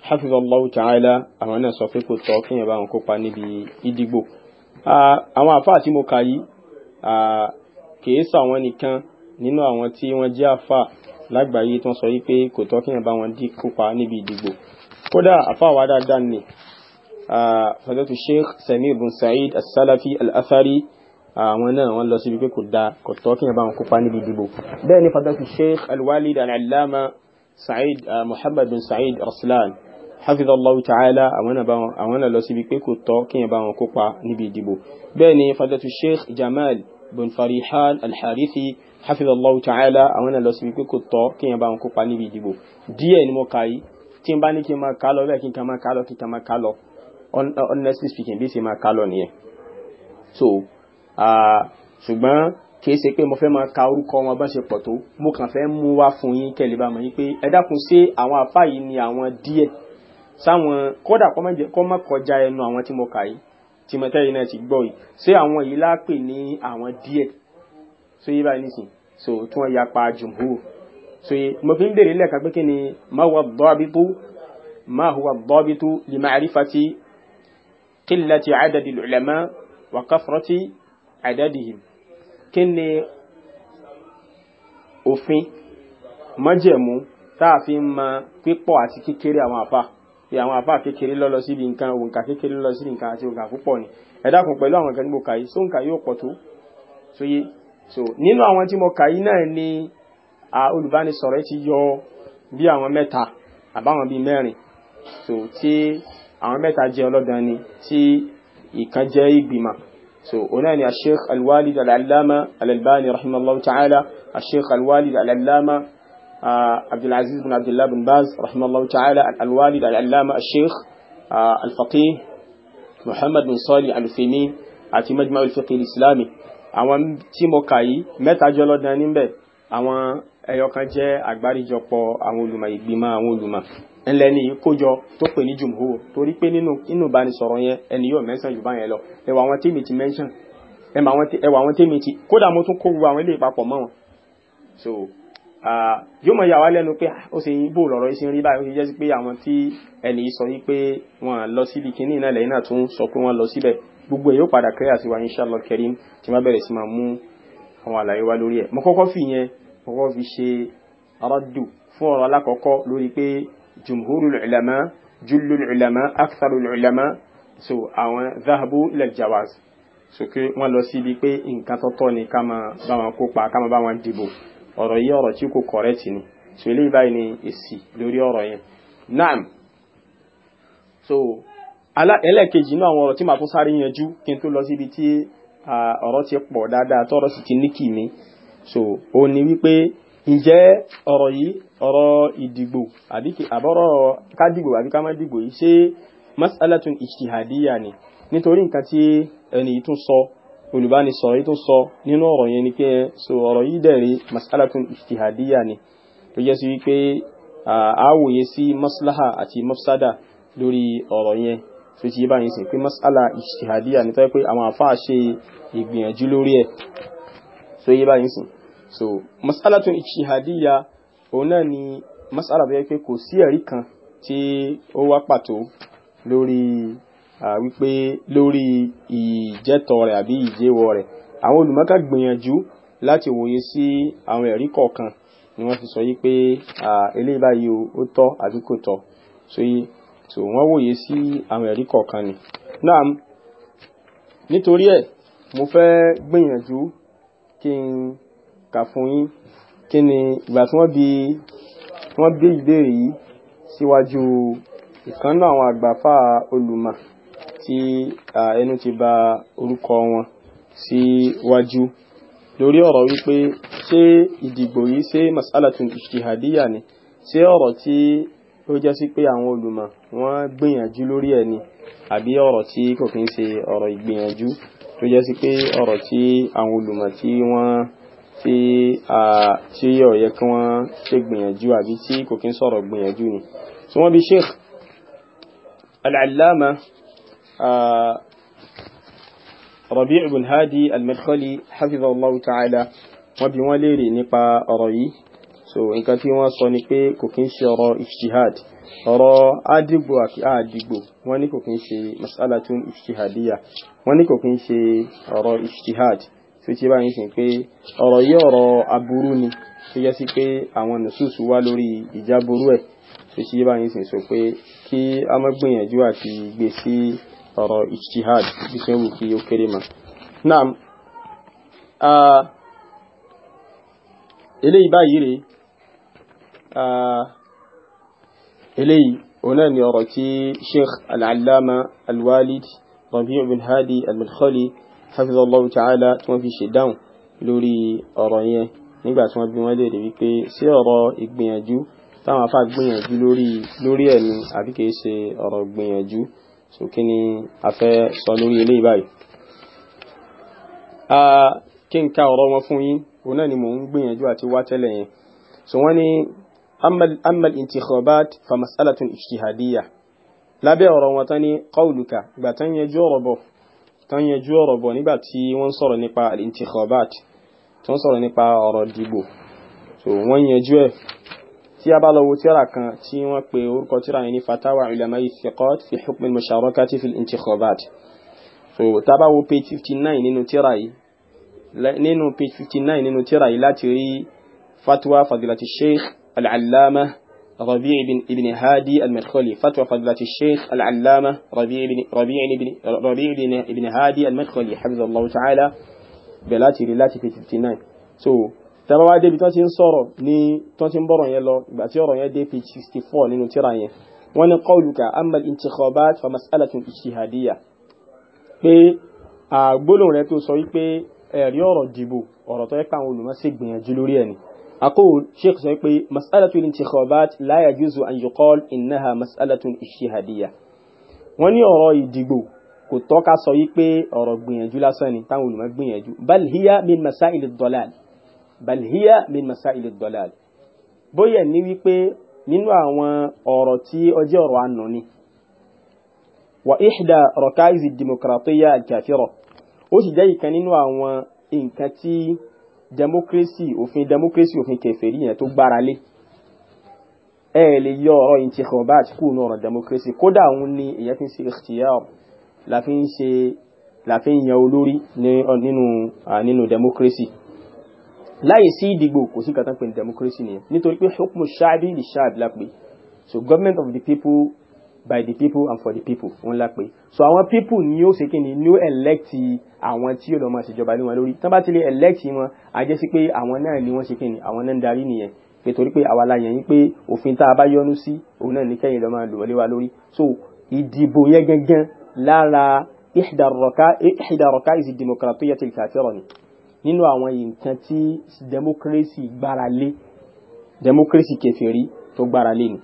حفظ الله تعالى àwọn náà sọ pé kò tọ́ kíyàn bá wọn kópa níbi ìdìgbò àwọn àfáà tí mo kà yìí kìí sọ àwọn nìkan nínú àwọn tí wọ́n jẹ́ àfáà lágbàáyé tó ń sọ wípé kò tọ́ kíyàn bá wọn kópa níbi ìdìgbò kódà àfáà wa dáadáa ni fadatu sheikh samir bin said asalafi al-athari al àwọn náà wọ́n lọ síbi pé kò dáa kò tọ́ kí n bá wọn kópa níbi ìdìbò bẹ́ẹ̀ ni fadatu sheikh alwalid al-allama sa'id uh, muhammad bin sa'id arslan hafidha allah ta'ala àwọn náà lọ síbi pé kò tọ́ kí n bá wọn kópa níbi ìdìbò bẹ́ẹ̀ ni fadatu sheikh jamal bin farihan al-harithi hafidha ta'ala àwọn náà lọ síbi pé kò tọ́ kí n bá wọn kópa níbi ìdìbò díẹ̀ ni mo kà tí n bá ní kí n máa kà lọ bẹ́ẹ̀ kí n kà máa kà lọ kí n kà máa kà lọ uh, honestly speaking bí ṣe máa kà lọ nìyẹn so ṣùgbọ́n kìí ṣe pé mo fẹ́ máa ka orúkọ wọn bá ṣe pọ̀ tó mo kàn fẹ́ mú wá fún yín kẹ́lẹ́ bá mọ̀ yín pé ẹ dákun ṣé àwọn àfáà yìí ni àwọn díẹ̀ sáwọn kódà kọ́ má kọjá ẹnu àwọn tí mo kà yìí tí mo tẹ́yìn náà ti gbọ́ yìí ṣé àwọn yìí lápè ní àwọn díẹ̀ so yí báyìí nísìn so tí wọ́n ya pa jùmhù so yí mo fi ń bèrè lẹ́ẹ̀kan pé kí ni má huwa ad-dabitu má huwa ad-dabitu àdádìhìm kí ni òfin májẹ̀mú táà fi ń mọ pípọ̀ àti kékeré àwọn àfà pé àwọn àfà kékeré lọ́lọ síbi nǹkan òǹkà kékeré lọ́lọ síbi nǹkan àti òǹkà púpọ̀ ni ẹ dákun pẹ̀lú àwọn nǹkan tí mo kà yìí sóǹkà yóò pọ̀ tó sóyé so nínú àwọn tí mo kà yìí náà ni olùbánisọ̀rọ̀ ti yọ bí àwọn mẹ́ta àbáwọn bíi mẹ́rin so tí àwọn mẹ́ta jẹ́ ọlọ́dàn ni tí ìkan jẹ́ ìgbìmọ̀ so ona ni asheikh alwalid alalama alalbani rahimahullah ta'ala asheikh alwalid alalama abdulaziz bin abdullah bin baz rahimahullah ta'ala alwalid alalama asheikh alfaqih muhammad bin salih alufemi àti majma olùfiqi islami àwọn tí mo kà yìí mẹ́ta jọ lọ́dún níbẹ̀ àwọn ẹyọkan jẹ́ àgbáríjọpọ̀ àwọn olùmọ̀ ìgbìmọ̀ àwọn olùmọ̀ ńlẹ ní ìkójọ tó pè ní jùmùhó torí pé nínú inú ìbánisọ̀rọ̀ yẹn ẹni yóò mẹ́sàn jù báyẹn lọ ẹwà àwọn tèmi ti mẹ́sàn ẹwà àwọn tèmi ti kódà mo tún kó gbogbo àwọn ilé ìpapọ̀ mọ́ wọn. so yóò mọ̀ yà wá lẹ́nu pé ó ṣe bó lọ̀rọ̀ iṣẹ́ rí báyìí ó ṣe jẹ́ sí pé àwọn tí ẹni sọ yìí pé wọ́n lọ síbi kínní náà lẹ́yìn náà tún sọ pé wọ́n lọ síbẹ̀ gbogbo ẹ̀ yóò padà kẹ́yà kerim tí wọ́n bẹ̀rẹ̀ sí máa mú àwọn àlàyé wa lórí ẹ̀ mo kọ́kọ́ fi yẹn mo fún ọ̀rọ̀ alákọ̀ọ́kọ́ lórí pé jumhurul ulama jullul ulama aktharul ulama so àwọn zahabu lil jawaz so pé wọ́n lọ síbi pé nǹkan tọ́tọ́ ni ká máa bá wọn kópa ká máa bá wọn dìbò ọ̀rọ̀ yìí ọ̀rọ̀ tí kò correct ni so eléyìí báyìí ni èsì lórí ọ̀rọ̀ yẹn naam so ẹlẹ́ẹ̀kejì inú àwọn ọ̀rọ̀ tí màá tún sáré yanjú kí n tó lọ síbi tí ọ̀rọ̀ ti pọ̀ dáadáa tọ́rọ̀ sì ti ní kì mí so ó ní wípé ìjẹ́ ọ̀rọ̀ yìí ọ̀rọ̀ ìdìgbò àbí àbọ̀rọ̀ kádìgbò àbí ká má dìgbò yìí ṣé masalatun ijtihadiyya ni nítorí nǹkan tí ẹni yìí tún sọ olùbánisọ̀rọ̀ yìí tún sọ nínú ọ̀rọ̀ yẹn ni pé so ọ̀rọ̀ yìí dẹ̀rí masalatun ijtihadiyya ni tó jẹ́ sí wípé àwòye sí maslaha àti mafsada lórí ọ̀rọ̀ yẹn tó ti yé báyìí sìn pé masala ijtihadiyya ni tó yẹ pé àwọn àfáà ṣe ìgbìyànjú lórí ẹ̀ tó yé báyìí sìn so masalatun ijtihadiyya òun náà ni masala tó yẹ pé kò sí ẹ̀rí kan tí ó wá pàtó lórí wípé lórí ìjẹ́tọ̀ rẹ̀ àbí ìjẹ́wọ́ rẹ̀ àwọn olùmọ́ká gbìyànjú láti wòye sí àwọn ẹ̀rí kọ̀ọ̀kan ni wọ́n fi sọ yí pé eléyìí báyìí ó tọ́ àbí kò tọ́ so yí so wọ́n wòye sí àwọn ẹ̀rí kọ̀ọ̀kan ni náà nítorí ẹ̀ mo fẹ́ gbìyànjú kí n kà fún yín kí ni ìgbà tí wọ́n bi wọ́n bí ìbéèrè yìí síwájú ìkànnà àwọn àgbàfà olùmọ̀ tí ẹnu ti ba orúkọ wọn síwájú lórí ọ̀rọ̀ wípé ṣé ìdìgbò yìí ṣé masalatun ijtihadiyya ni ṣé ọ̀rọ̀ tí ó jẹ́ sí pé àwọn olùmọ̀ wọ́n gbìyànjú lórí ẹ̀ ni àbí ọ̀rọ̀ tí kò kí ń ṣe ọ̀rọ̀ ìgbìyànjú tó jẹ́ sí pé ọ̀rọ̀ tí àwọn olùmọ̀ tí wọ́n tí tí ó yẹ kí wọ́n ṣe gbìyànjú àbí tí kò kí ń sọ̀rọ̀ gbìyànjú ni tí wọ́n bí sheikh al-allama rabi' ibn hadi al-madkhali hafizallahu ta'ala wọ́n bi wọ́n léèrè nípa ọ̀rọ̀ yìí so nǹkan tí wọ́n sọ ni pé kò kí ń ṣe ọ̀rọ̀ ijtihad ọ̀rọ̀ àdìgbò àti àdìgbò wọ́n ní kò kí ń ṣe masalatun ijtihadiyya wọ́n ní kò kí ń ṣe ọ̀rọ̀ ijtihad tí ó ti bá yín sìn pé ọ̀rọ̀ yìí ọ̀rọ̀ aburú ni tó yẹ sí pé àwọn nùsùsù wá lórí ìjáború ẹ̀ tí ó ti bá yín sìn sọ pé kí a má gbìyànjú àti gbé sí ọ̀rọ̀ ijtihad bí ṣe wù kí ó kéré mà. naam eléyìí báyìí rèé eléyìí òun náà ni ọ̀rọ̀ tí sheikh al-allama al-walid rabi'u bin hadi al-madkhali hafizallahu ta'ala tí wọ́n fi ṣe dáhùn lórí ọ̀rọ̀ yẹn nígbà tí wọ́n bí wọ́n léèrè wípé sí ọ̀rọ̀ ìgbìyànjú táwọn afá gbìyànjú lórí lórí ẹ̀ ni àbí kìí ṣe ọ̀rọ̀ gbìyànjú so kí ni a fẹ́ sọ lórí eléyìí báyìí. kí n ka ọ̀rọ̀ wọn fún yín òun náà ni mò ń gbìyànjú àti lábẹ́ ọ̀rọ̀ wọn tán ní qawluka gbàtán yẹn jọ́rọ̀ bọ̀ tán yanjú ọ̀rọ̀ bọ̀ nígbà tí wọ́n sọ̀rọ̀ nípa al-intikhabat tó ń sọ̀rọ̀ nípa ọ̀rọ̀ dìbò so wọ́n yanjú ẹ̀ tí a bá lọ wo tíra kan tí wọ́n pe orúkọ tíra yẹn ní fatawa ulama'i thiqat fi hukm al-musharakati fi al-intikhabat so tá bá wo page fifty nine nínú tíra yìí láti rí fatwa fadilati sheikh al-allama ربيع بن ابن هادي المدخلي فتوى فضلة الشيخ العلامة ربيع بن ربيع بن ربيع بن ابن هادي المدخلي حفظه الله تعالى بلاتي بلاتي في 59 so tẹ́lá wá débi tó ti ń sọ̀rọ̀ ní tó ti ń bọ̀rọ̀ yẹn lọ ìgbà tí ọ̀rọ̀ yẹn dé page 64 nínú tíra yẹn wọ́n ní qawluka amma al-intikhabat fa mas'alatun ijtihadiyya pé àgbólóhùn rẹ̀ tó sọ wípé ẹ̀rí ọ̀rọ̀ dìbò ọ̀rọ̀ tó yẹ káwọn olùmọ̀ sì gbìyànjú lórí ẹ̀ ni أقول شيخ شيقي مسألة الانتخابات لا يجوز أن يقال إنها مسألة اجتهادية wọ́n ní ọ̀rọ̀ ìdìbò kò tọ́ka sọ yí pé ọ̀rọ̀ gbìyànjú lásán ni táwọn olùmọ̀ gbìyànjú balhiya min masail ad-dalal balhiya min masail ad-dalal bóyá ní wípé nínú àwọn ọ̀rọ̀ tí ọjọ́ ọ̀rọ̀ àná ni wa ihda rakaizi demokratiya al-kafira ó sì jẹ́ ìkan nínú àwọn nǹkan tí democracy òfin democracy òfin kèfèrí yẹn tó gbára lé ẹ lè yọ ọ̀rọ̀ intikhabat kúrò ní ọ̀rọ̀ democracy kódà òun ni èyàn fi ń ṣe ikhtiyar la fi ń ṣe la fi ń yan olórí nínú nínú democracy láì sí ìdìbò kò sí kàtàkùn democracy nìyẹn nítorí pé hukmu shaabi li shaabi la pè so government of the people by the people and for the people òun la pè so àwọn people ni ó ṣe kí ni ni ó elect àwọn tí ó lọ máa ṣèjọba lé wọn lórí tán bá ti lè elect wọn a jẹ́ sí pé àwọn náà ni wọ́n ṣe kí ni àwọn náà ń darí nìyẹn pé torí pé àwa la yàn yín pé òfin tá a bá yọnu sí òun náà ní kẹ́yìn lọ máa lò wọlé wa lórí so ìdìbò yẹn gangan lára ìhìdàrọ̀ká ìsì democratia ti kàtẹ́rọ̀ ni nínú àwọn nǹkan tí democracy gbára lé democracy kèfèrí tó gbára lé ni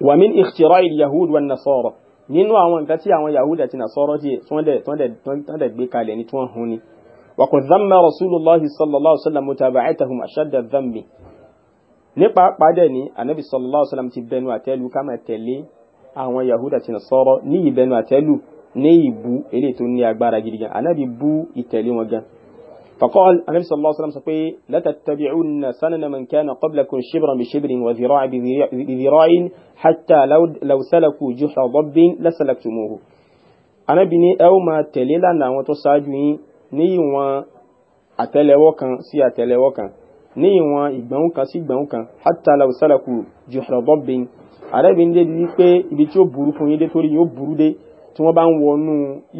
wa min ikhtira'i yahud wa nasara nínú àwọn nǹkan tí àwọn yahud àti nasara ti tán dẹ̀ gbé kalẹ̀ ní tí wọ́n hun ni wa qad dhamma rasulullah sallallahu alaihi wasallam mutaba'atahum ashadda dhammi nípa pàdé ni anabi sallallahu alaihi wasallam ti bẹnu àtẹ́lù ká máa tẹ̀lé àwọn yahud àti nasara ní ìbẹnu àtẹ́lù ní ìbú eléyìí tó ní agbára gidi gan anabi bú ìtẹ̀lé wọn gan فقال النبي صلى الله عليه وسلم سقي لا تتبعون سنن من كان قبلكم شبرا بشبر وذراع بذراع حتى لو لو سلكوا جحر ضب لسلكتموه أنا بني أو ما تليلا نعم تساجوين ني وان أتلوه سي أتلوه كان ني وان سي إبنو حتى لو سلكوا جحر ضب أنا بني دي بي بي تيو برو فوني دي توري يو برو tí wọ́n bá ń wọnú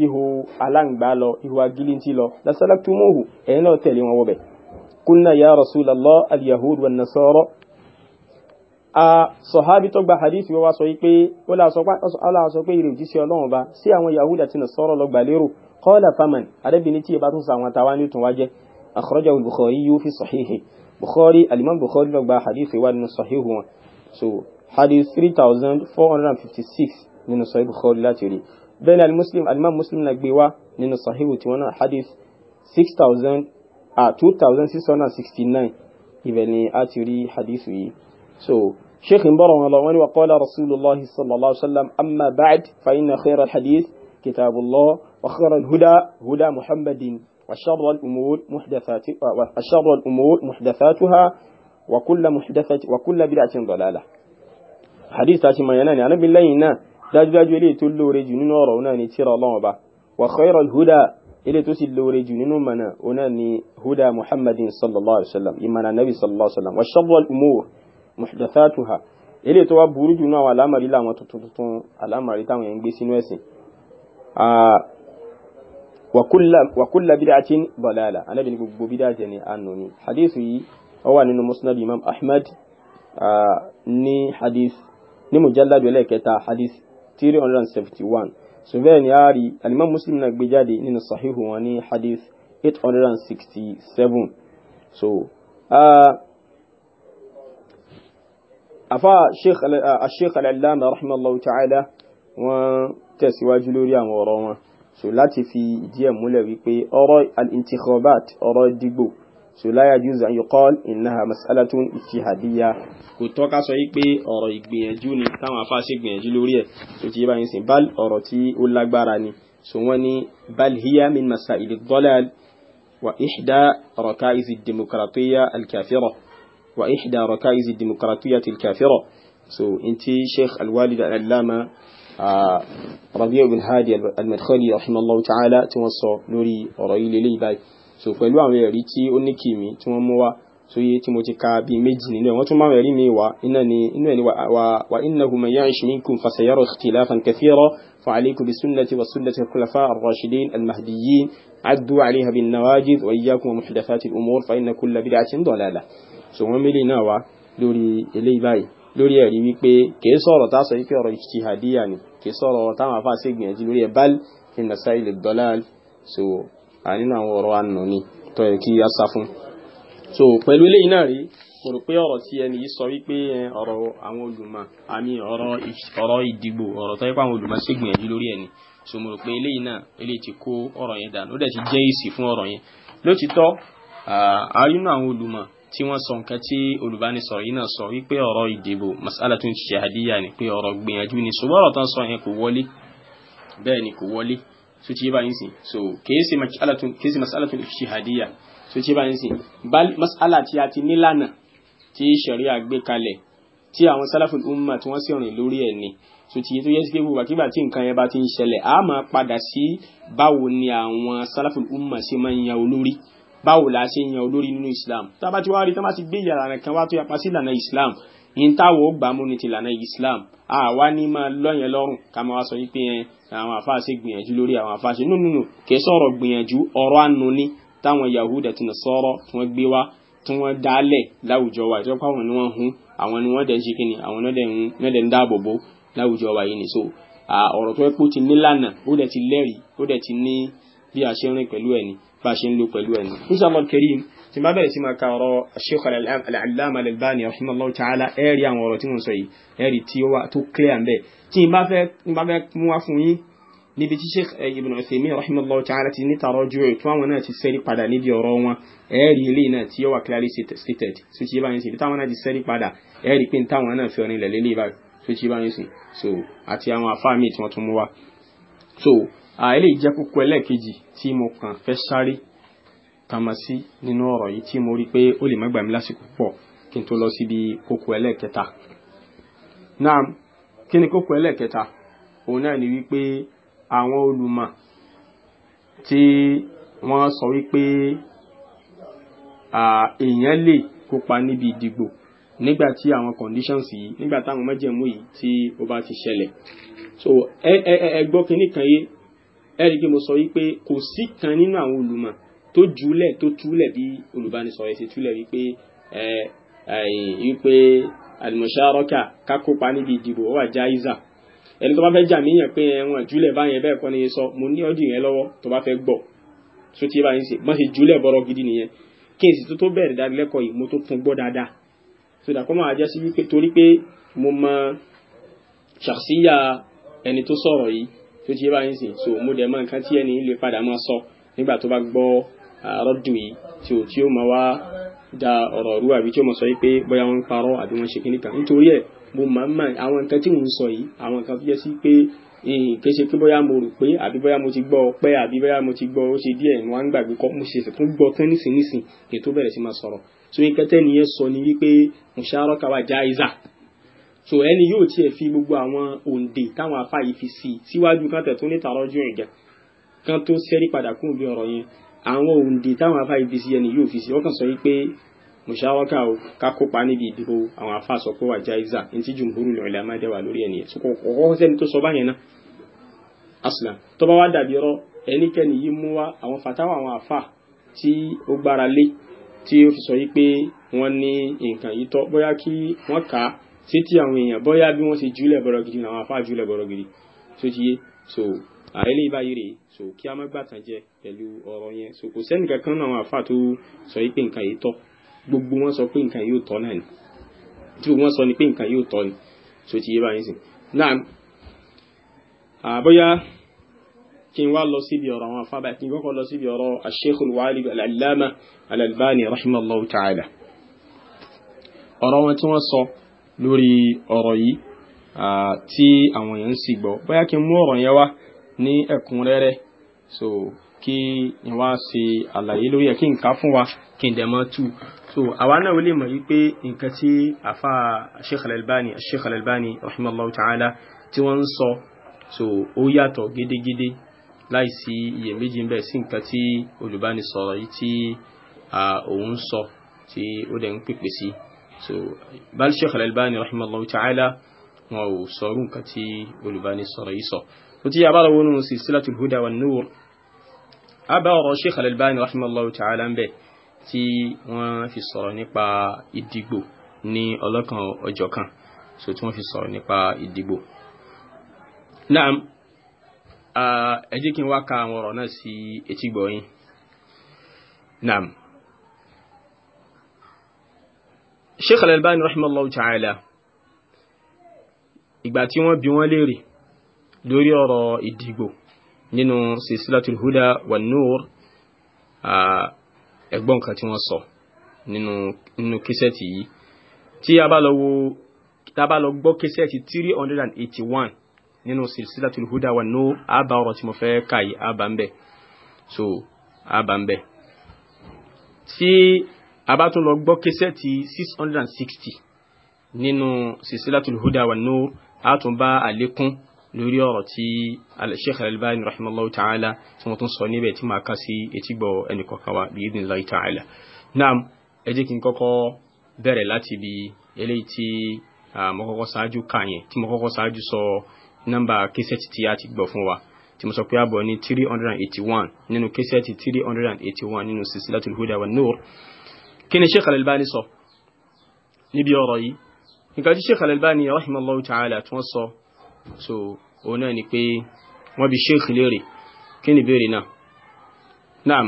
ihò aláǹgbá lọ ihò agilintí lọ lasalaktumuhu ẹ̀yin náà tẹ̀lé wọn wọbẹ̀ kunna ya rasulallah alyahud wa nasara a sọ̀hábí tó gba hadith wọ́n wá sọ pé ó láàsọ pé ìrìn òjíṣẹ́ ọlọ́run bá sí àwọn yahud àti nasara lọ gbà lérò qala faman adébìnrin tí ìbá tún àwọn tàwa ní tún wájẹ́ akhrajahu yóò fi sahihi bukhari alimam bukhari lọ gba hadith wa nínú sahihu wọn so hadith 3456 nínú sahih bukhari láti rí bẹ́ẹ̀ ni alimuslim alimam muslim na gbé wá nínú sahihu tí wọ́n náà hadith six thousand ah ibẹ̀ ni a ti rí hadith yìí so sheikh ń bọ̀rọ̀ wọn lọ wọ́n ní wa qala rasulillah sallallahu alayhi wa sallam amma ba'd fa inna khayra hadith kitabullah wa khayra huda huda muhammadin وشر الأمور محدثات وشر الأمور محدثاتها وكل محدثة وكل بدعة ضلالة حديث تاتي ما يناني أنا بالله dájúdájú eléyìí tó lóore jù nínú ọ̀rọ̀ náà ni tírà Ọlọ́run ọba wa khairul huda eléyìí tó sì lóore jù nínú mọ̀nà ọ̀nà ni huda muhammadin sallallahu alaihi wa sallam ìmọ̀nà nabi sallallahu ni hadith ni mujalladu ẹlẹ́kẹta hadith 371. hundred and seventy one so bẹ́ẹ̀ ni a rí alimami muslim náà gbé jáde nínú sahihu wọn ní hadith eight hundred and sixty seven so afa sheikh sheikh al ta'ala wọ́n tẹ̀síwájú lórí àwọn ọ̀rọ̀ wọn so láti fi ìdí ẹ̀ wípé ọ̀rọ̀ al-intikhabat dìgbò so la yajuzu an yuqal innaha mas'alatun ijtihadiyya kò tọ́ ká sọ yìí pé ọ̀rọ̀ ìgbìyànjú ni táwọn afá ṣe gbìyànjú lórí ẹ̀ tó ti yé báyìí sìn bal ọ̀rọ̀ tí ó lágbára ni so wọ́n ní bal hiya min masail ad-dalal wa ihda raka'iz ad-demokratiyya al-kafira wa ihda raka'iz ad-demokratiyya al-kafira so inti sheikh al-walid rabi'u bin hadi al rahimahullahu ta'ala tí wọ́n sọ lórí ọ̀rọ̀ yìí lélẹ́yìí báyìí so pẹ̀lú àwọn ẹ̀rí tí ó ní kìmí tí wọ́n mú wá so yé tí mo ti ka bíi méjì nínú ẹ̀ wọ́n tún máa ẹ̀rí mi wá iná ni inú ẹ̀ ni wa innahu man ya'ish minkum fasayara ikhtilafan kathira fa'alaykum bi sunnati wa sunnati al-khulafa ar-rashidin al-mahdiyyin addu 'alayha bin nawajid wa iyyakum wa muhdathati al-umur fa inna kulla bid'atin dalalah so wọ́n mélé náà wá lórí eléyìí báyìí lórí ẹ̀rí wípé kìí sọ̀rọ̀ tá a sọ yìí pé ọ̀rọ̀ ijtihadiyya ni kìí sọ̀rọ̀ táwọn afáàṣẹ́ gbìyànjú lórí ẹ̀ bal fi masail ad-dalal so nínú àwọn ọ̀rọ̀ ànà ni tó yẹ kí a sá fún so pẹ̀lú eléyìí náà rí mo rò pé ọ̀rọ̀ tí ẹni yìí sọ wípé ọ̀rọ̀ àwọn olùmọ̀ àmì ọ̀rọ̀ ìdìbò ọ̀rọ̀ tó yẹ pé àwọn olùmọ̀ sì lórí ẹni so mo rò pé eléyìí náà eléyìí ti kó ọ̀rọ̀ yẹn dànù ó dẹ̀ ti jẹ́ èsì fún ọ̀rọ̀ yẹn lótìtọ́ àárínú àwọn olùmọ̀ tí wọ́n sọ nǹkan tí olùbánisọ̀rọ̀ yìí náà sọ wípé ọ̀rọ̀ ìdìbò masala tún ṣe àdíyà ni pé ọ̀rọ̀ gbìyànjú ni ṣùgbọ́n ọ̀rọ̀ tán sọ yẹn kò wọlé bẹ́ẹ̀ ni kò wọlé so ti ba yinsin so kìí ṣe mas'alatun kìí ṣe mas'alatun ijtihadiyya so ba yinsin bal mas'ala tí a ti nílànà sharia gbé kale, tí àwọn salaful umma tí wọ́n sì rìn lórí ẹ̀ ni so ti tó yẹ sí pé gbogbo àkígbà tí nǹkan yẹn bá ti ń ṣẹlẹ̀ a máa padà sí báwo ni àwọn salaful umma ṣe máa ń yan olórí báwo la ṣe ń yan olórí nínú islam tá a bá ti wá rí tá a ti gbé ìlànà kan wá tó yapa sí ìlànà islam yín táwọn ó gbàmú ni ti ìlànà islam àwa ní máa lọ́yẹn lọ́rùn ká máa wá sọ yín pé àwọn àfáà ṣe gbìyànjú lórí àwọn àfáà ṣe nùnùnù kìí sọ̀rọ̀ gbìyànjú ọ̀rọ̀ àánú ni táwọn Yahuda àti Nasara tí wọ́n gbé wá tí wọ́n dálẹ̀ láwùjọ wa ìjọba àwọn ni wọ́n hun àwọn ni wọ́n dẹ̀ ṣe kíni àwọn náà dẹ̀ ń dáàbò bò láwùjọ wa yìí ni so ọ̀rọ̀ tó yẹ kó ti nílànà ó dẹ̀ ti lẹ́rìí ó dẹ̀ ti ní bí a ṣe ń rìn pẹ̀lú ẹni bá a ṣe ń lò pẹ̀lú ẹni. inshallah karim tí bá bẹ̀rẹ̀ sí máa ka ọ̀rọ̀ Sheikh al-Allama al-Albani rahimahullah ta'ala ẹ̀rí àwọn ọ̀rọ̀ tí wọ́n sọ yìí ẹ̀rí tí ó wà tó clear mbẹ́ tí n bá fẹ́ n bá fẹ́ mú wá fún yín níbi tí sheikh eh, ibn Uthaymin rahimahullah ta'ala ti ní tààrọ ju ètò àwọn náà ti sẹ́rí padà níbi ọ̀rọ̀ wọn ẹ̀ẹ́rì ilé náà tí ó wà clearly stated so tí bá yín sí táwọn náà ti sẹ́rí padà ẹ̀ẹ́rì pé táwọn náà fi ọ̀rìn ilẹ̀ báyìí so tí bá yín sí so àti àwọn afáàmì tí wọ́n tún mú wá so eléyìí jẹ́ kókó ẹlẹ́ẹ̀kejì tí mo kàn fẹ́ sáré kàmá sí nínú ọ̀rọ̀ yìí tí mo rí pé ó lè má gbà lásìkò pọ̀ kí n tó lọ síbi kókó ẹlẹ́ẹ̀kẹta náà kí ni kókó ẹlẹ́kẹta òun náà ni wípé àwọn olùmọ̀ tí wọ́n sọ wípé èèyàn lè kópa níbi ìdìbò nígbà tí àwọn conditions yìí nígbà táwọn májẹ̀mú yìí tí ó bá ti ṣẹlẹ̀ so ẹ ẹ ẹ gbọ́ kínní kan yé ẹ rí i pé mo sọ wípé kò sí kan nínú àwọn olùmọ̀ tó júlẹ̀ tó túlẹ̀ bí olùbánisọ̀rọ̀ ẹ̀ ṣe túlẹ̀ wípé ẹ ẹ wípé àlùmọ̀ṣárọ́kà kákópa níbi ìdìbò ó wà jáìzà ẹni tó bá fẹ́ jà míyàn pé ẹ̀wọ̀n júlẹ̀ báyẹn bẹ́ẹ̀ kọ́ ni sọ mo ní ọdún yẹn lọ́wọ́ tó bá fẹ́ gbọ́ tó ti báyìí sè má ṣe júlẹ̀ bọ́rọ̀ gidi nìyẹn kí n sì tó tó bẹ̀rẹ̀ dánilẹ́kọ̀ọ́ yìí mo tó fún gbọ́ dáadáa tó dà kọ́ máa jẹ́ sí wípé torí pé mo mọ ṣàṣìyà ẹni tó sọ̀rọ̀ yìí tó ti báyìí sè so mo dẹ̀ mọ nǹkan tí ẹni lè padà máa sọ nígbà tó bá gbọ́ àrọ́dù ah, yìí tí ò tí ó máa wá da ọ̀rọ̀ rú àbí tí ó mọ̀ sọ pé bóyá wọ́n ń parọ́ àbí wọ́n ṣe kíníkan nítorí ẹ̀ mo máa ń mọ àwọn nǹkan tí mò ń sọ yìí àwọn nǹkan tó jẹ́ sí pé kì í ṣe pé bóyá mo rò pé àbí bóyá mo ti gbọ́ ọpẹ́ àbí bóyá mo ti gbọ́ ó ṣe díẹ̀ ni wọ́n á ń gbàgbé kọ́ mo ṣẹ̀ṣẹ̀ tún gbọ́ tán nísinsìnyí kí n tó bẹ̀rẹ̀ sí máa sọ̀rọ̀ so nǹkan tẹ́niyẹn sọ ni wípé musharaka wa jaiza so ẹni yóò tiẹ̀ fi gbogbo àwọn òǹdè táwọn afáyí fi sí síwájú kan tẹ̀ tó ní tààrọ́jú ẹ̀gẹ̀ kan tó ṣẹ́rí padà kún bí ọ̀rọ̀ yẹn àwọn òǹdè táwọn afá ibi sí ẹni yóò fi sí ọkàn sọ yí pé mùsàwákà o ká kópa níbi ìdìbò àwọn afá sọ pé wà jáìzà ní tí jùmùhúrù lọ ilẹ̀ amáyédẹ́wà lórí ẹni ẹ̀ sọkọ ọkọ sẹ́ni tó sọ báyẹn náà asùnà tó bá wá dàbí ọ̀rọ̀ ẹnikẹ́ni yìí mú wá àwọn fàtàwà àwọn afá tí ó gbára lé tí ó fi sọ yí wọ́n ní nǹkan yìí tọ́ bóyá kí wọ́n kà á sétí àwọn èèyàn bóyá bí wọ́n ṣe jùlẹ̀ bọ̀rọ̀ gidi làwọn afá jùlẹ̀ bọ̀rọ̀ gidi tó ti yé so àìlè báyìí rèé so kí a má gbàtàn jẹ pẹ̀lú ọ̀rọ̀ yẹn so kò sẹ́ni kankan náà àwọn àfáà tó sọ pé nǹkan yìí tọ́ gbogbo wọn sọ pé nǹkan yìí ò tọ́ náà ni tí wọn sọ ni pé nǹkan yìí ò tọ́ ni so ti yé báyìí sìn náà àbóyá kí n wá lọ síbi ọ̀rọ̀ àwọn àfáà báyìí kí n kọ́kọ́ lọ síbi ọ̀rọ̀ Sheikhul Waalid al-Allama al ta'ala ọ̀rọ̀ wọn tí wọ́n sọ lórí ọ̀rọ̀ yìí tí àwọn èèyàn ń sì gbọ́ bóyá kí n mú ọ̀rọ̀ yẹn wá ní ẹ̀kúnrẹ́rẹ́ so kí n wá ṣe àlàyé lórí ẹ̀ kí n kà fún wa kí n dẹ̀ mọ́ tú so àwa náà ó lè mọ̀ wípé nǹkan tí àfa Sheikh Al-Albani Sheikh tí wọ́n ń sọ so ó yàtọ̀ gédégédé láìsí iyèméjì ń bẹ sí nǹkan tí olùbánisọ̀rọ̀ yìí tí òun sọ tí ó dẹ̀ ń pèpè sí so bal Sheikh Al-Albani rahimallahu ta'ala wọn ò sọrú nǹkan tí olùbánisọ̀rọ̀ yìí sọ. وتي tí a bá lọ́wọ́ nínú silsilatul huda wan nur a bá ọ̀rọ̀ Sheikh Al-Albani rahimahullahu ta'ala ń bẹ̀ tí wọ́n fi sọ̀rọ̀ nípa ìdìgbò ní ọlọ́kan ọjọ́ kan so tí wọ́n fi sọ̀rọ̀ nípa ìdìgbò naam ẹ kí n wá ka àwọn ọ̀rọ̀ náà sí etígbọ̀ yín naam Sheikh Al-Albani rahimahullahu ta'ala ìgbà tí wọ́n bi wọ́n léèrè lórí ọ̀rọ̀ ìdìgbò nínú silsilatul huda wan nur ẹgbọ́n tí wọ́n sọ nínú kísẹ́ẹ̀tì yìí tí a bá lọ wo tá a bá lọ gbọ́ kísẹ́ẹ̀tì 381 nínú silsilatul huda wan nur àbá ọ̀rọ̀ tí mo fẹ́ kà yìí àbá ń bẹ̀ so àbá ń bẹ̀ tí a bá tún lọ gbọ́ kísẹ́ẹ̀tì 660 nínú silsilatul huda wan nur a tún bá àlékún lórí ọ̀rọ̀ tí Sheikh Al-Albani rahimahullahu ta'ala tí wọ́n tún sọ níbẹ̀ tí máa ká sí etígbọ̀ ẹnìkọ̀ọ̀kan wa bí idhnillahi ta'ala naam ẹ jẹ́ kí n kọ́kọ́ bẹ̀rẹ̀ láti bí eléyìí tí mo kọ́kọ́ ṣáájú kà tí mo kọ́kọ́ ṣáájú sọ nọ́mbà kẹsẹ̀tì tí a ti gbọ́ fún wa tí mo sọ pé àbọ̀ ní 381 nínú kẹsẹ̀tì 381 nínú silsilatul huda wan nur kí ni Sheikh Al-Albani sọ níbi ọ̀rọ̀ yìí nǹkan tí Sheikh Al-Albani rahimahullahu ta'ala tí wọ́n sọ so òun náà ni pé wọ́n bi sheikh léèrè kí ni ìbéèrè náà naam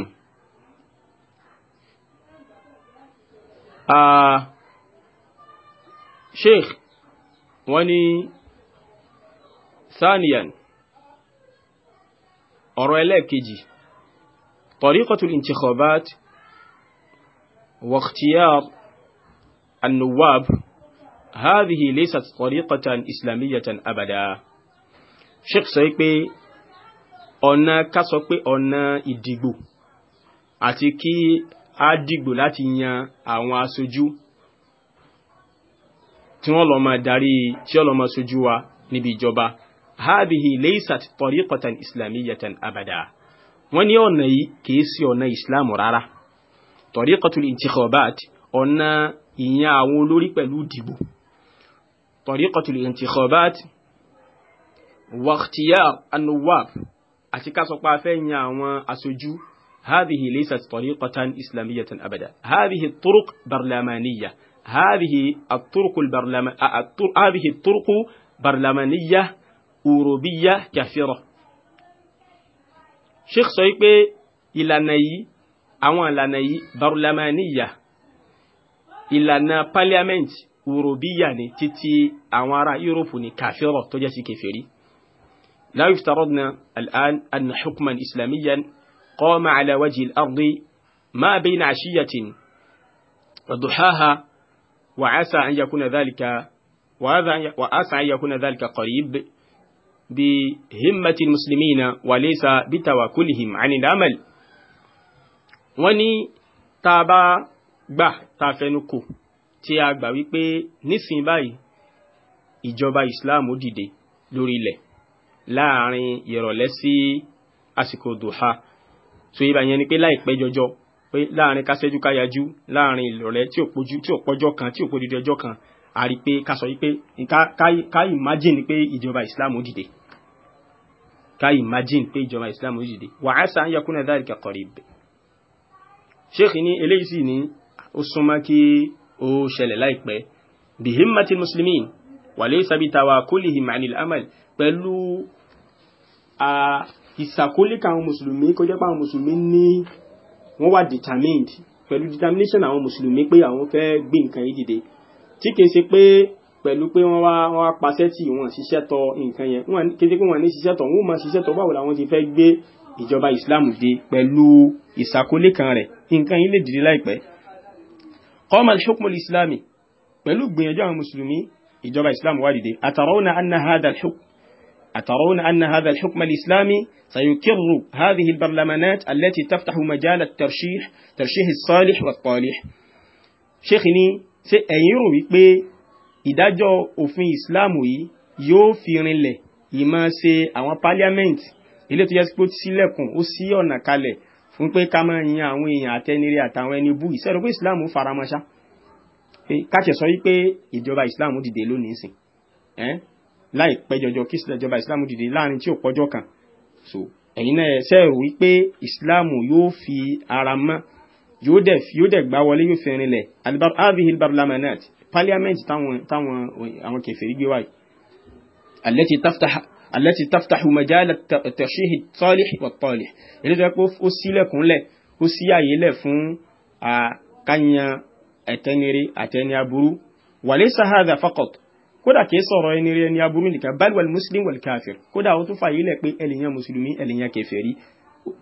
uh, sheikh wọ́n ní thaniyan ọ̀rọ̀ ẹlẹ́ẹ̀kejì tariqatul intikhabat واختيار النواب هذه ليست طريقة إسلامية أبدا sheikh sọ pé ọ̀nà ká sọ pé ọ̀nà ìdìgbò àti kí á dìgbò láti yan àwọn aṣojú tí wọ́n lọ máa darí tí wọ́n lọ máa ṣojú wa níbi ìjọba hadihi laysat tariqatan islamiyatan abada wọ́n ní ọ̀nà yìí kìí sí ọ̀nà islam rárá tariqatul intikhabat ọ̀nà ìyan àwọn olórí pẹ̀lú ìdìgbò tariqatul intikhabat wàhtiyar anuwab àti ká sọ pé a fẹ́ yan àwọn aṣojú هذه ليست طريقة إسلامية أبدا هذه الطرق برلمانية هذه الطرق البرلمان هذه الطرق برلمانية أوروبية كثيرة sheikh sọ pé ìlànà yìí àwọn ìlànà yìí barlamaniya ìlànà parliament urobiya ni títí àwọn ará yúróòpù ní kàfírọ tó jẹ́ sí kèfèrí لا يفترضنا الآن أن حكما إسلاميا قام على وجه الأرض ما بين عشية وضحاها وعسى أن يكون ذلك وعسى أن يكون ذلك قريب بهمة المسلمين وليس بتواكلهم عن العمل وني تابا gbà تافنكو a fẹnu kò نسي باي gbà إسلام nísìnyí báyìí ìjọba Islam láàrin ìrọ̀lẹ́ sí àsìkò dùhà tó yẹ bá yẹn ni pé láìpẹ́ jọjọ pé láàrin kásẹ́jú káyájú láàrin ìrọ̀lẹ́ tí ò pójú tí ò pọ́jọ́ kan tí ò pójú ọjọ́ kan a rí pé ká sọ wípé ká imagine pé ìjọba Islam dìde ká imagine pé ìjọba Islam dìde wa asa an yakuna dhalika qarib sheikh ni eléyìí sì ni ó súnmọ́ kí ó ṣẹlẹ̀ láìpẹ́ bihimmatil muslimin wa laysa bitawakulihim anil amal pẹ̀lú ìsàkólé ka àwọn mùsùlùmí kó jẹ́ pé àwọn mùsùlùmí ní wọ́n wà determined pẹ̀lú determination àwọn mùsùlùmí pé àwọn fẹ́ gbé nǹkan yìí dìde tí kìí ṣe pé pẹ̀lú pé wọ́n wá wọ́n wá paṣẹ́ tí wọ́n ṣiṣẹ́ tọ nǹkan yẹn wọ́n kété pé wọ́n ní ṣiṣẹ́ tọ wọ́n máa ṣiṣẹ́ tọ báwo làwọn ti fẹ́ gbé ìjọba Islam dé pẹ̀lú ìsàkólé kan rẹ̀ nǹkan yìí lè dìde láìpẹ́ qama al-hukm pẹ̀lú gbìyànjú àwọn mùsùlùmí ìjọba Islam wá dìde atarawna anna hadha al أترون أن هذا الحكم الإسلامي سيكر هذه البرلمانات التي تفتح مجال الترشيح ترشيح الصالح والطالح شيخني ṣé ẹ̀yin rò wípé ìdájọ́ òfin ìsìláàmù yìí yóò fi rinlẹ̀ ìmọ̀ ṣe àwọn parliament ilé tó yẹ pé ó sílẹ̀kùn ó sí ọ̀nà kalẹ̀ fún pé ká máa yan àwọn èèyàn àtẹnire àtàwọn ẹni bú ìṣẹ́rọ pé ìsìláàmù faramọ́ṣá káṣẹ̀ sọ wípé ìjọba ìsìláàmù dìde lónìí sìn láìpẹ́ jọjọ kí ìjọba ìsìláàmù dìde láàrin tí ò pọ́jọ́ kan so ẹ̀yin náà ṣe rò wípé ìsìláàmù yóò fi ara mọ́ yóò dẹ̀ yóò dẹ̀ gbá wọlé yóò fi rinlẹ̀ alvihil barlamanat parliament táwọn táwọn àwọn kẹfẹ́rí gbé wáyé allati taftaha allati taftahu majala tashihi talih wa talih èyí tó yẹ pé ó sílẹ̀kùnlẹ̀ ó sí àyè lẹ̀ fún àkànyàn ẹ̀tẹ́nire àtẹ́ni aburú wa laysa hadha kódà kìí sọ̀rọ̀ ẹni rẹ ni aburú nìkan bal wal muslim wal kafir kódà ó tún fààyè lẹ̀ pé eliyan mùsùlùmí eliyan kèfèrí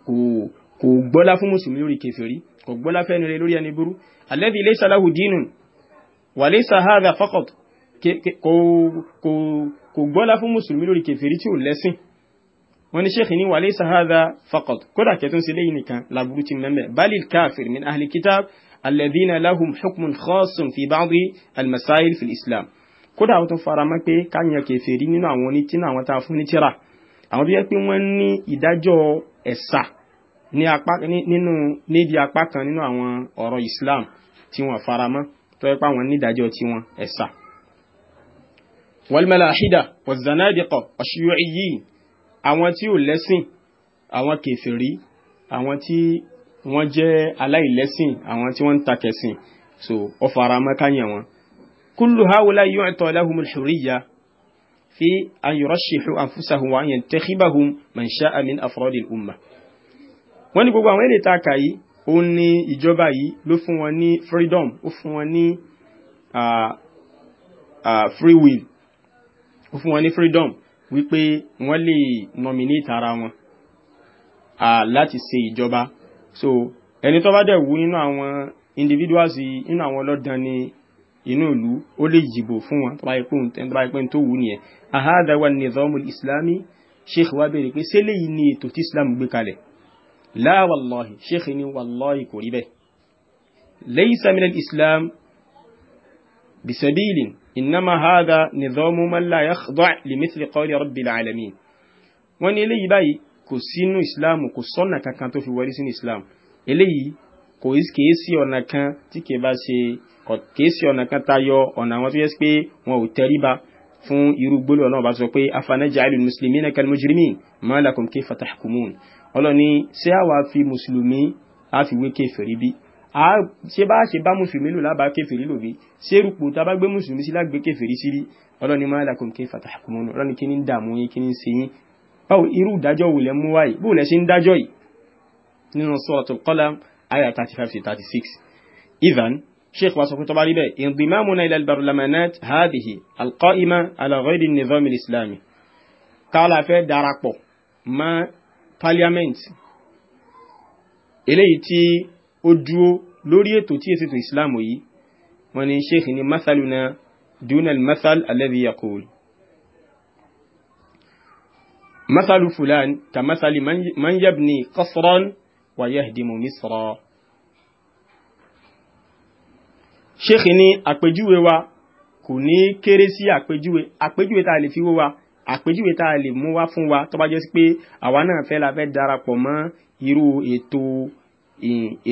kò gbọ́lá fún mùsùlùmí lórí kèfèrí kò gbọ́lá fe fẹ́ni rẹ lórí ẹni burú alladhi laysa lahu dinun wa laysa hadha faqat kò gbọ́lá fún mùsùlùmí lórí kèfèrí tí ò lẹ́sìn wọ́n sheikh ni wa laysa hadha faqat kódà kẹtún sí lẹ́yìn nìkan laburú ti mẹ́mẹ́ balil kafir min ahli kitab alladhina lahum hukmun khassun fi ba'di al-masail fi kódà ó tún fara mọ́ pé káyàn kèfèrí nínú àwọn onítìnà àwọn tá a fún ní tíra àwọn tó yẹ pé wọ́n ní ìdájọ́ ẹ̀sà nínú níbi apá kan nínú àwọn ọ̀rọ̀ Islam tí wọ́n fara mọ́ tó yẹ pé àwọn nídàájọ́ tiwọn ẹ̀sà. wal-malāḥida waz-zanādiqa ash-shiyuʿiyyin àwọn tí ò lẹ́sìn àwọn kèfèrí àwọn tí wọ́n jẹ́ aláìlẹ́sìn àwọn tí wọ́n ń takẹ̀sìn so ó fara mọ́ káyàn wọn. كل هؤلاء يعطى لهم الحرية في أن يرشحوا أنفسهم وأن ينتخبهم من شاء من أفراد الأمة wọ́n ní gbogbo àwọn ẹni tààkà yìí ó ní ìjọba yìí ló fún wọn ní freedom ó fún wọn ní free will ó fún wọn ní freedom wípé wọ́n lè nominate ara wọn láti ṣe ìjọba so ẹni tó bá dẹ̀ wù nínú àwọn individuals yìí nínú àwọn ọlọ́dàn ni inú ìlú ó lè yìbò fún wọn tó bá yẹ pé tó wù ú nìyẹn ahada wa nizamul islami sheikh wa béèrè pé ṣé léyìí ni ètò tí islam gbé kalẹ̀ la wallahi sheikh ni wallahi kò rí bẹ́ẹ̀ laysa min al-islam bisabilin innama hada nizamu man la yakhda' limithli qawli rabbil alamin wọ́n ní eléyìí báyìí kò sínú islam kò sọ́nà kankan tó fi wọlé sínú islam eléyìí kò kìí sí ọ̀nà kan tí kìí bá ṣe kìí sí ọ̀nà kan tayọ ọ̀nà àwọn tó yẹ pé wọn ò tẹríba fún irú gbólóhùn náà bá sọ pé afanaja'alul muslimina kal mujrimin ma lakum kayfa tahkumun ọlọ́ni ṣé àwa fi mùsùlùmí á fi wé kèfèrí bí ṣe bá ṣe bá mùsùlùmí lò lábàá kèfèrí lò bí ṣé rúpò tá a bá gbé mùsùlùmí sí lágbé kèfèrí sí rí ọlọ́ni ma lakum kayfa tahkumun ọlọ́ni kí ní dààmú yín kí ní ṣe yín báwo irú ìdájọ́ wò lẹ mú wáyé bó lẹ ṣe ń dájọ́ yìí nínú Suratul Qalam ayat 35 36 ivan شيخ وصف طبعا انضمامنا إلى البرلمانات هذه القائمة على غير النظام الإسلامي قال في داراكو ما parliament إليه تي أجو لوري توتي سيتو إسلامي وني شيخ ني مثلنا دون المثل الذي يقول مثل فلان كمثل من يبني قصرا ويهدم مصرا ṣéèkì ní àpèjúwe wa kò ní kéré sí àpèjúwe àpèjúwe tá a lè fi wó wa àpèjúwe tá a lè mú wá fún wa tó bá jẹ́ sí pé àwa náà fẹ́ la fẹ́ darapọ̀ mọ́ irú ètò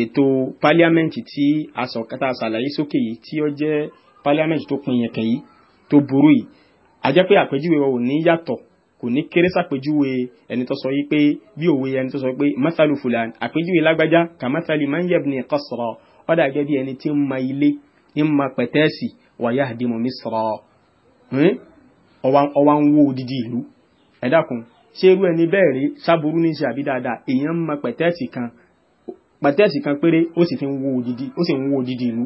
ètò pálíámẹ́ǹtì tí asọ̀kátà ṣàlàyé sókè yìí tí ó jẹ́ pálíámẹ́ǹtì tó pin yẹ̀kẹ́ yìí tó burú yìí a jẹ́ pé àpèjúwe wa ò ní yàtọ̀ kò ní kéré sàpèjúwe ẹni tó sọ yìí pé bí òwe ẹni tó sọ pé masalu fulan àpèjúwe lágbájá kà masali man yabni qasra ọ̀dà gẹ́gẹ́ bí ẹni tí ń ma ilé ń ma pẹ̀tẹ́ẹ̀sì wa yahdimu misra ọwa hmm? ń wó odidi ìlú ẹ dákun ṣé irú ẹni bẹ́ẹ̀ rí sábúrú ní ṣe àbí dáadáa èèyàn ń ma pẹ̀tẹ́ẹ̀sì kan péré ó sì ń wó odidi ìlú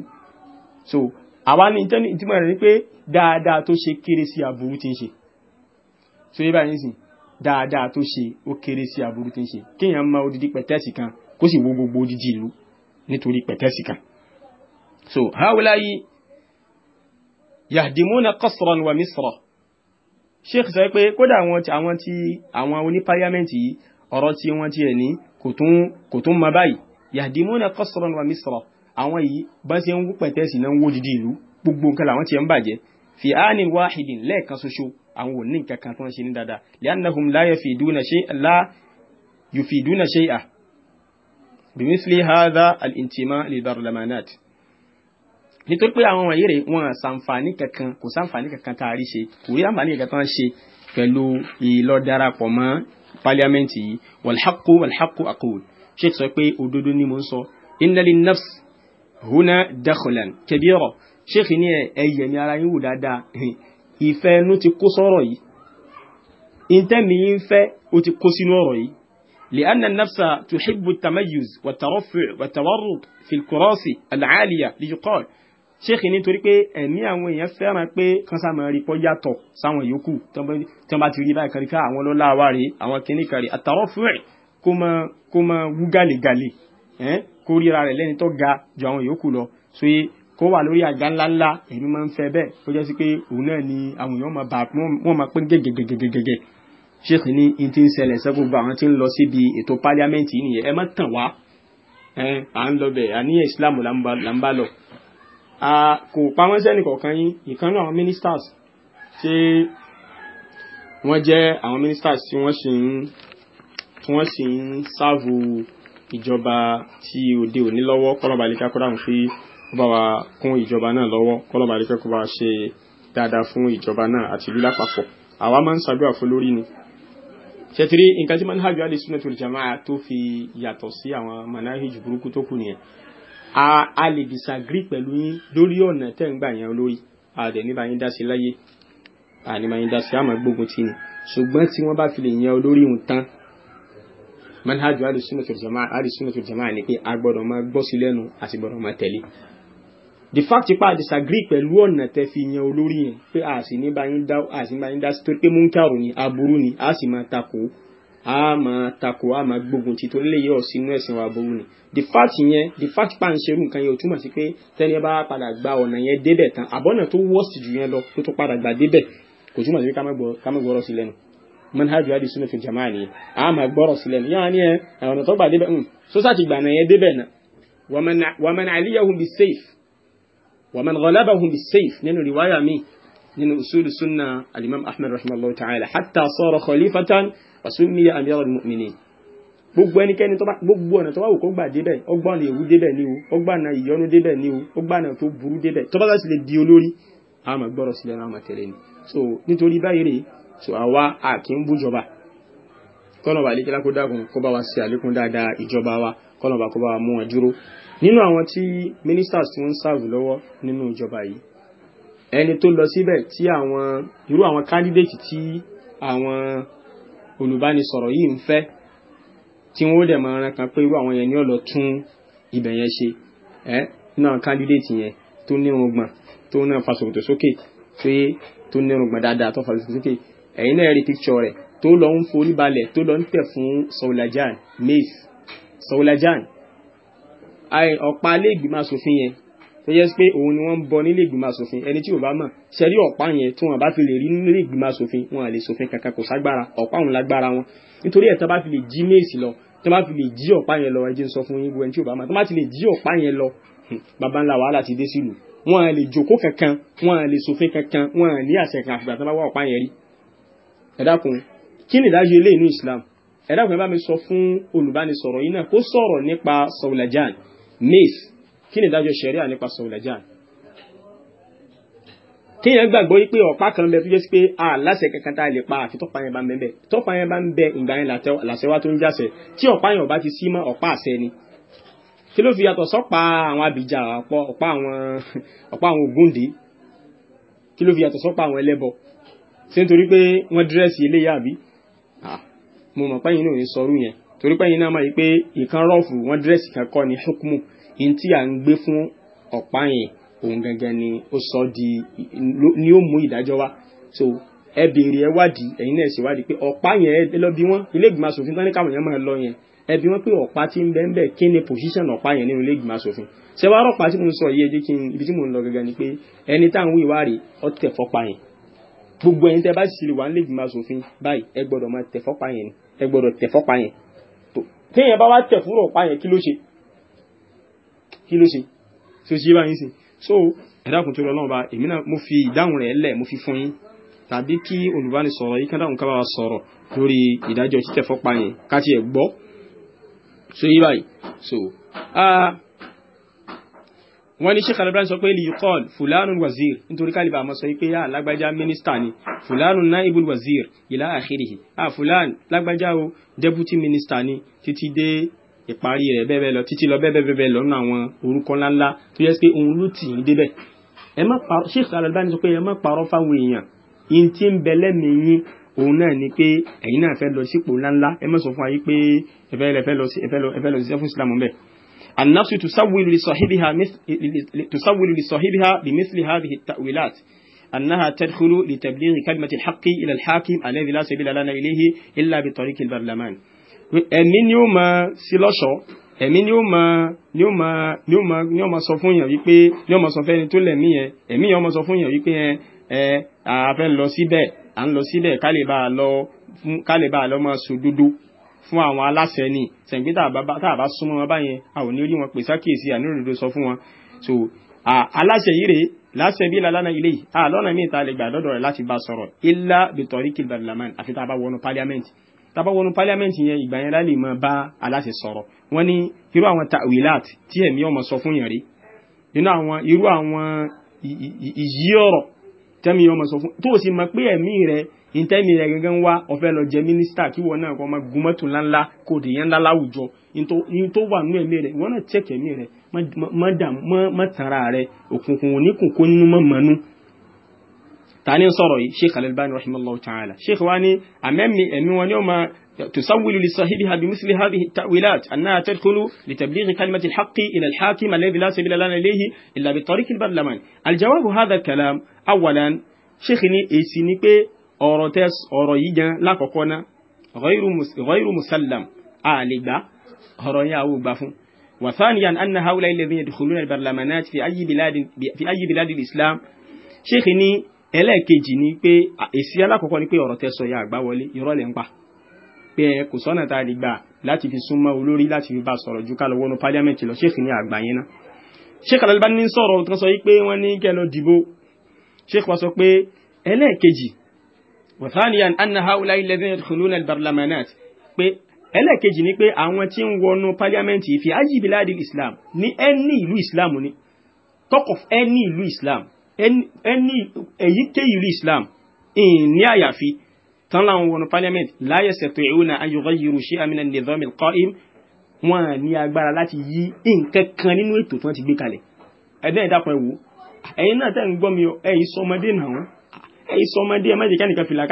so àwa ní ìtumọ̀ rẹ̀ ni pé dáadáa tó ṣe kéré sí aburú tí ń ṣe so yé báyìí nísìn dáadáa tó ṣe ó kéré sí aburú tí ń ṣe kéèyàn ma odidi pẹ̀tẹ́ẹ̀sì kan kó sì wó gbogbo odidi ìlú nítorí pẹ̀tẹ́ẹ̀sì kan so هؤلاء يهدمون قصرا ومصرا sheikh sọ pé kódà àwọn tí àwọn tí àwọn oní parliament yìí ọ̀rọ̀ tí wọ́n ti ẹ̀ ní kò tún kò tún ma báyìí yàdìmúnà qasran wa misra àwọn yìí bá ṣe ń pẹ̀tẹ́ sí náà ń wó didi ìlú gbogbo nǹkan làwọn ti ẹ̀ ń bàjẹ́ fi anin wahidin lẹ́ẹ̀kan ṣoṣo àwọn ò ní nǹkan kan tó ń ṣe ní dáadáa li'annahum la yufiduna shay'a la yufiduna shay'a bimithli hadha al-intima li barlamanat nítorí pé àwọn wọ̀nyí rẹ̀ wọn sàǹfààní kankan kò sàǹfààní kankan tá a rí ṣe kò rí àǹfààní kankan tá a ṣe pẹ̀lú ìlọ́darapọ̀ mọ́ pálíámẹ́ǹtì yìí wàlhákù wàlhákù àkùl sheikh sọ pé òdodo ni mo ń sọ innali nafs huna dakhulan kabira sheikh ní ẹ yẹ̀mí ara yín wò dáadáa ìfẹ́ inú ti kó sọ́rọ̀ yìí ìtẹ́mi yín fẹ́ ó ti kó sínú ọ̀rọ̀ yìí لأن النفس تحب التميز والترفع والتورط في الكراسي العالية ليقال ṣéèkì nítorí pé ẹ̀mí àwọn èèyàn fẹ́ràn pé kánsá máa rí pọ́jà tọ̀ sáwọn yòókù tí wọ́n bá ti rí báyìí káríká àwọn lọ́la wa rèé àwọn kìnnì kan rèé àtàwọn fún ẹ̀ kó máa kó máa wú gàlégàlé kó ríra rẹ̀ lẹ́ni tó ga ju àwọn yòókù lọ so yé kó wà lórí àga ńláńlá èmi máa ń fẹ́ bẹ́ẹ̀ kó jẹ́ sí pé òun náà ni àwọn èèyàn máa bá wọ́n máa pín gẹ́gẹ́gẹ́gẹ́gẹ́ ṣéèkì ní in ti ń ṣẹlẹ̀ sẹ́ gbogbo àwọn tí ń lọ síbi ètò pálíámẹ́ǹtì yìí nìyẹn ẹ má tàn wá à ń lọ bẹ̀ àníyàn ìsìlámù là ń bá lọ kò pamọ́ sẹ́ni kọ̀ọ̀kan yín ìkan náà àwọn ministers tí wọ́n jẹ́ àwọn ministers tí wọ́n sì ń tí wọ́n sì ń sáàvù ìjọba tí òde òní lọ́wọ́ kọ́lọ́ba àlíkà kó dáhùn pé ó bá wa kún ìjọba náà lọ́wọ́ kọ́lọ́ba àlíkà kó bá wa ṣe dáadáa fún ìjọba náà àti ìlú lápapọ̀ àwa máa ń ṣàdúrà fún lórí ni ṣètìrí nǹkan tí manhaj al-sunnah wal jamaa tó fi yàtọ̀ sí àwọn manahij burúkú tó kù nìyẹn a a lè disagree pẹ̀lú yín lórí ọ̀nà tẹ́ ń gbà yẹn lórí àdẹ̀ níbà yín dá sí láyé àníbà yín dá sí àmọ́ gbógun tì ní ṣùgbọ́n tí wọ́n bá fi lè yan olórí òun tán manhaju alùsùnmọ̀tò jama alùsùnmọ̀tò ni pé a gbọ́dọ̀ máa gbọ́ sí lẹ́nu a sì gbọ́dọ̀ máa tẹ̀lé the fact pa disagree pẹ̀lú ọ̀nà tẹ́ fi yan olórí yẹn pé a sì ní bá yín dá sí torí pé múnkàrò ni aburú ni a sì máa takò a máa tako a máa gbógun ti torí lè yọ sínú ẹ̀sìn wa burú ni the fact yẹn the fact pa n ṣerú nǹkan yẹn ò túmọ̀ sí pé tẹ́ni bá padà gba ọ̀nà yẹn débẹ̀ tán àbọ̀nà tó worst jù yẹn lọ tó tó padà gbà débẹ̀ kò túmọ̀ sí pé ká má gbọ́rọ̀ sí lẹ́nu manhaju adi sunu fi jama ni a máa gbọ́rọ̀ sí lẹ́nu yára ni ẹ ọ̀nà tó gbà débẹ̀ ń sọ́sà ti ọ̀nà yẹn débẹ̀ náà wàmán aliyahun bi safe wàmán ghalabahun bi safe nínú riwaya mi nínú usulu sunna alimam ahmed rahimahullah ta'ala hatta sọ̀rọ̀ khalifatan fàṣúmíyà amirul mu'minin gbogbo ẹnikẹ́ni tó bá gbogbo ọ̀nà tó bá wù kó gbà débẹ̀ ọgbọ́nà èwú débẹ̀ ni o ọgbọ́nà ìyọnu débẹ̀ ni o ọgbọ́nà tó burú débẹ̀ tó bá bá sì lè di olórí àmọ́ gbọ́rọ̀ sílẹ̀ náà tẹ̀lé ni so nítorí báyìí rèé so àwa a kì ń bújọba kọ́nà bá lékelá kó dákun kó bá wa wa kọ́nà bá kó bá wa àwọn ministers tí wọ́n ń sáàbù lọ́wọ́ nínú ìjọba yìí ẹni tó lọ síbẹ̀ tí àwọn irú àwọn candidate tí àwọn olùbánisọ̀rọ̀ yìí ń fẹ́ tí wọ́n dẹ̀ máa ran kan pé irú àwọn yẹn ní ọ̀lọ́ tún ibẹ̀ yẹn ṣe ẹ́ náà candidate yẹn tó nírun gbọ̀n tó náà fa ṣòkòtò sókè pé tó nírun gbọ̀n dáadáa tó fa ṣòkòtò sókè ẹ̀yin náà rí picture rẹ̀ tó lọ ń forí balẹ̀ tó lọ ń tẹ̀ fún Sọ̀wọ́lájàn Mace Sọ̀wọ́lájàn ọ̀pá alẹ́ ìgbìmọ̀ asòfin yẹn tó yẹ pé òun ni wọ́n ń bọ nílé ìgbìmọ̀ asòfin ẹni tí ò bá mọ̀ ṣẹ́rí ọ̀pá yẹn tí wọ́n bá fi lè rí nílé ìgbìmọ̀ asòfin wọn à lè sòfin kankan kò ságbára ọ̀pá òun lágbára wọn nítorí ẹ̀ tó bá fi lè jí méèsì lọ tó bá fi lè jí ọ̀pá yẹn lọ ẹ jẹ́ n sọ fún yín gbogbo ẹni tí ò bá mọ̀ tó bá ti lè jí ọ̀pá yẹn lọ hmm, baba ńlá wàhálà ti dé sílùú wọn à lè jókòó kankan wọn à lè sòfin kankan wọn à ní àṣẹ kan tó bá wá ọ̀pá Islam ẹ dákun ẹ bá mi sọ fún olùbánisọ̀rọ̀ yìí náà kó sọ̀rọ̀ nípa sọ̀wùlẹ̀jàn mace kí ni ìdájọ́ ṣẹ̀ríà nípa sọ̀rọ̀lẹ́jàn kí yẹn gbàgbọ́ yí pé ọ̀pá kan bẹ tó jẹ́ sí pé a láṣẹ kankan tá a lè pa àfi tọ́pa yẹn bá ń bẹ tọ́pa yẹn bá ń bẹ ìgbà yẹn làṣẹ wa tó ń jáṣẹ tí ọ̀pá yẹn ò bá ti sí mọ́ ọ̀pá àṣẹ ni kí ló fi yàtọ̀ sọ́pa àwọn abìjà ọ̀pá àwọn ọ̀pá àwọn Ògúndé kí ló fi yàtọ̀ sọ́pa àwọn ẹlẹ́bọ ṣé nítorí pé wọ́n dírẹ́sì eléyà àbí mo mọ̀ pẹ́yìn náà ní sọrú hukumu in tí à ń gbé fún ọ̀pá yẹn òun gangan ni ó sọ di ni ó mú ìdájọ́ wá so ẹ béèrè ẹ wádìí ẹ̀yin náà ṣe wádìí pé ọ̀pá yẹn ẹ lọ bí wọ́n ilé ìgbìmọ̀ asòfin tán ní káwọn yẹn máa lọ yẹn ẹ bí wọ́n pé ọ̀pá tí ń bẹ ń kí ni position ọ̀pá yẹn nínú ilé ìgbìmọ̀ asòfin ṣé rọ̀pá tí mo ń sọ yìí ẹ jẹ́ kí n ibi tí mo ń lọ gangan ni pé ẹni táwọn ìwà rè ọ tẹ̀ fọ́pa yẹn gbogbo ẹ̀yin tẹ́ bá sì lè wà nílé ìgbìmọ̀ asòfin báyìí ẹ gbọ́dọ̀ máa tẹ̀ fọ́pa yẹn ẹ gbọ́dọ̀ tẹ̀ fọ́pa yẹn téèyàn bá wá tẹ̀ fúrọ̀ ọ̀pá yẹn kí ló ṣe kí ló ṣe tí ó ṣe báyìí sìn so ẹ̀dàkùn tó lọ́wọ́ bá èmi náà mo fi ìdáhùn rẹ̀ lẹ̀ mo fi fún yín tàbí kí olùbánisọ̀rọ̀ yìí kádàkùn kábàá sọ̀rọ̀ lórí ìdájọ́ títẹ̀ fọ́pa yẹn káti ẹ̀ gbọ́ so yí báyìí so wọ́n ní sheikh alibran sọ pé lè kọ́ọ̀l fulanu wazir nítorí kálíbà àmọ́ sọ pé yá ah, lágbájá mínísítà ni fulanu naibul wazir ìlà àkírìhì ah fulan lágbájá o deputy minister ni títí dé ìparí rẹ̀ bẹ́ẹ̀ bẹ́ẹ̀ lọ títí lọ bẹ́ẹ̀ bẹ́ẹ̀ bẹ́ẹ̀ lọ nínú àwọn orúkọ ńláńlá tó yẹ pé òun ló tì í débẹ̀ ẹ má parọ́ Sheikh Al-Albani sọ pé ẹ má parọ́ fáwọn èèyàn yín tí ń bẹ lẹ́mìí yín òun náà ni pé ẹ̀yin náà fẹ́ lọ sípò ńláńlá ẹ má sọ fún ayé pé ẹ fẹ́ lọ sí fún Islam bẹ́ẹ̀ النفس تسول لصاحبها مثل تسول لصاحبها بمثل هذه التأويلات أنها تدخل لتبليغ كلمة الحق إلى الحاكم الذي لا سبيل لنا إليه إلا بطريق البرلمان ẹ̀mí ni ó máa sí lọ́ṣọ̀ọ́ ẹ̀mí ni ó máa ni ó máa ni ó máa ni ó máa sọ fún yàn wípé ni ó máa sọ fẹ́ni tó lẹ̀mí yẹn ẹ̀mí yẹn ó máa sọ fún yàn wípé ẹ ẹ a lọ síbẹ̀ à ń lọ síbẹ̀ ká lè bá a lọ fún ká lè bá a lọ máa sòdodo fún àwọn aláṣẹ ni sẹ̀ǹgbẹ́ tá a bá súnmọ́ wọn báyẹn a ò ní rí wọn pè sákèsí àníròdodo sọ fún wọn so aláṣẹ yìí rèé láṣẹ bí lálánà ilé yìí àlọ́nà míì ta lè gbà lọ́dọ̀ rẹ̀ láti bá sọ̀rọ̀ ilá bìtọ̀rí kìlbàlámán àfi tá a bá wọnú pálíámẹ́ǹtì tábà wọnú pálíámẹ́ǹtì yẹn ìgbà yẹn láì máa bá aláṣẹ sọ̀rọ̀ wọ́n ní irú àwọn tawilat tí ẹ̀mí ọmọ sọ fún yẹn rí nínú àwọn irú àwọn ìyí ọ̀rọ̀ tẹ́mi ọmọ sọ fún tó o sì mọ̀ pé ẹ̀mí rẹ̀ ìtẹ́mi rẹ̀ gangan wá ọ̀fẹ́ lọ jẹ́ mínísítà kí wọ́n náà kọ́ ọmọ gumọ́tò ńláńlá kò dé yẹn ńlá láwùjọ tó wà nú ẹ̀mí rẹ̀ wọ́n náà tẹ̀kẹ̀ ẹ̀mí rẹ̀ تاني صاروي شيخ yìí sheikh al-albani rahimallahu ta'ala sheikh wa ni تسول لصاحبها بمثل هذه التأويلات أنها تدخل لتبليغ كلمة الحق إلى الحاكم الذي لا سبيل لنا إليه إلا بطريق البرلمان الجواب هذا الكلام أولا شيخني إيسيني بي أوروتس أورويجا لا كوكونا غير غير مسلم با هرويا أو بافون وثانيا أن هؤلاء الذين يدخلون البرلمانات في أي بلاد في أي بلاد الإسلام شيخني ẹlẹ́ẹ̀kejì ni pé èsì alákọ̀ọ́kọ́ ni pé ọ̀rọ̀ tẹ́ sọ ya àgbá wọlé irọ́ lẹ́ ń pa pé ẹ kò sọ́nà tá a lè gbà láti fi súnmọ́ olórí láti fi bá sọ̀rọ̀ ju ká lọ wọnú pálíámẹ̀ntì lọ ṣéèkì ní àgbà yẹn náà ṣéèkì Al-Albani ní sọ̀rọ̀ tó sọ yìí pé wọ́n ní kẹ́ lọ dìbò ṣéèkì wa sọ pé ẹlẹ́ẹ̀kejì wàtáníyàn anna haula ilẹ̀dẹ́n ni pé àwọn talk of ẹni ìlú ẹni èyíkéyìí ìlú islam ní àyàfi tán láwọn wọnú parliament la yastati'una an yughayyiru shay'an min an-nizam al-qa'im wọn ní agbára láti yí nǹkan kan nínú ètò tí wọ́n ti gbé kalẹ̀ ẹ̀dẹ́ ìdápọ̀ ẹ̀wò ẹ̀yin náà tẹ́ ń gbọ́ mi ẹ̀yin sọmọdé náà wọ́n sọmọdé ẹ má fìlà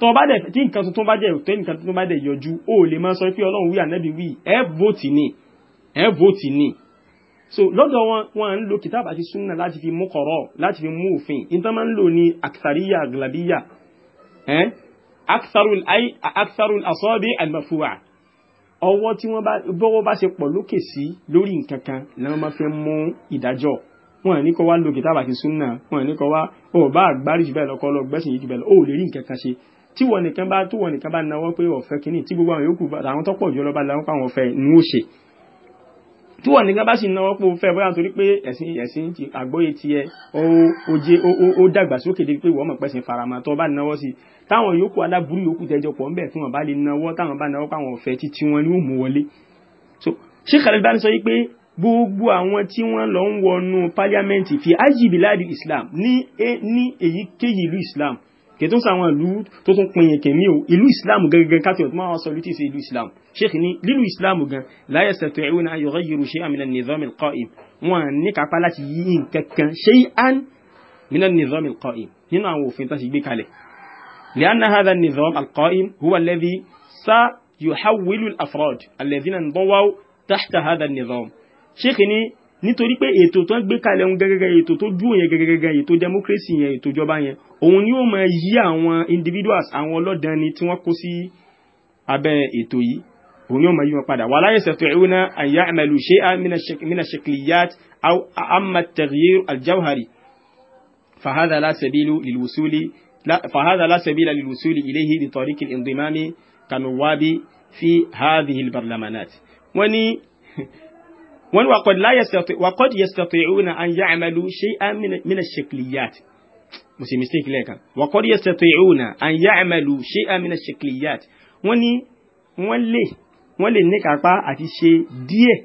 tó bá dẹ̀ tí nǹkan tuntun bá dẹ̀ tó nǹkan tuntun bá dẹ̀ yọjú ó lè máa sọ pé ọlọ́run wí ànábì wí ẹ vóòtì ni ẹ vóòtì ni so lọ́dọ̀ wọn wọn ń lo kìtàbù àti súnà láti fi mú kọ̀rọ̀ láti fi mú òfin nítorí máa ń lò ní akitariya aglabiya ẹ akitariul ayi akitariul asọ́bi alimafuwa ọwọ́ tí wọ́n bá bọ́wọ́ bá ṣe pọ̀ lókè sí lórí nǹkan kan làwọn máa fẹ́ mú ìdájọ́ wọn ní kọ́ lo kìtàbù àti súnà wọn ní kọ́ wá àgbárí jù bẹ́ẹ̀ lọ́kọ́ lọ gbẹ́sìn yìí jù bẹ́ẹ̀ lọ ó lè rí nǹkan kan ṣe tí wọ́n nìkan bá tó wọ́n nìkan bá náwó pé ọ̀fẹ́ kìíní tí gbogbo àwọn yòókù àwọn tọ́pọ̀ jù lọ́ba láwọn pàwọn ọ̀fẹ́ ni ó ṣe tí wọ́n nìkan bá sì náwó pé ó fẹ́ bóyá nítorí pé ẹ̀sìn ẹ̀sìn ti àgbóyè tiẹ̀ ó dàgbà sókè débi pé wọ́n mọ̀ pẹ́sìn faramọ́ tó bá náwó sí táwọn yòókù aláburú yòókù tẹ́jọ pọ̀ ńbẹ̀ tí wọ́n bá lè ni ó gbogbo àwọn tí wọ́n lọ ń wọnú pálíámẹ́ǹtì fi ájìbìláàdì Islam ní èyíkéyìí ìlú Islam kètò sáwọn ìlú tó tún pin yẹn kèmí o ìlú ìsìláàmù gangan káfíọ̀ tó máa wá sọ lítì sí ìlú ìsìláàmù ṣéèkì ní lílù ìsìláàmù gan láyé ṣètò ẹ̀rọ náà yọ̀rọ̀ yìí ṣe àmì nìzọ́m ìlkọ́ ìm wọn ní kápá láti yí nkankan ṣe án nínú nìzọ́m ìlkọ́ ìm nínú àwọn òfin tó ti ní nítorí pé ètò tó ń gbé kalẹ̀ ohun gẹ́gẹ́gẹ́ ètò tó dúró yẹn gẹ́gẹ́gẹ́ ètò democracy yẹn ètò ìjọba yẹn òun ni ó máa yí àwọn individuals àwọn ọlọ́dàn ni tí wọ́n kó sí abẹ́ ètò yìí òun ni ó máa yí wọn padà wala yastati'una an ya'malu shay'an min ash-shakliyat aw amma at-taghyir al-jawhari fa hadha la sabila wọ́n wàkọ́d yastati'una an ya'malu shay'an min ash-shakliyat mo sì mistake lẹ́ẹ̀kan wàkọ́d yastati'una an ya'malu shay'an min ash-shakliyat wọ́n ní wọ́n lè wọ́n lè ní kápá àti ṣe díẹ̀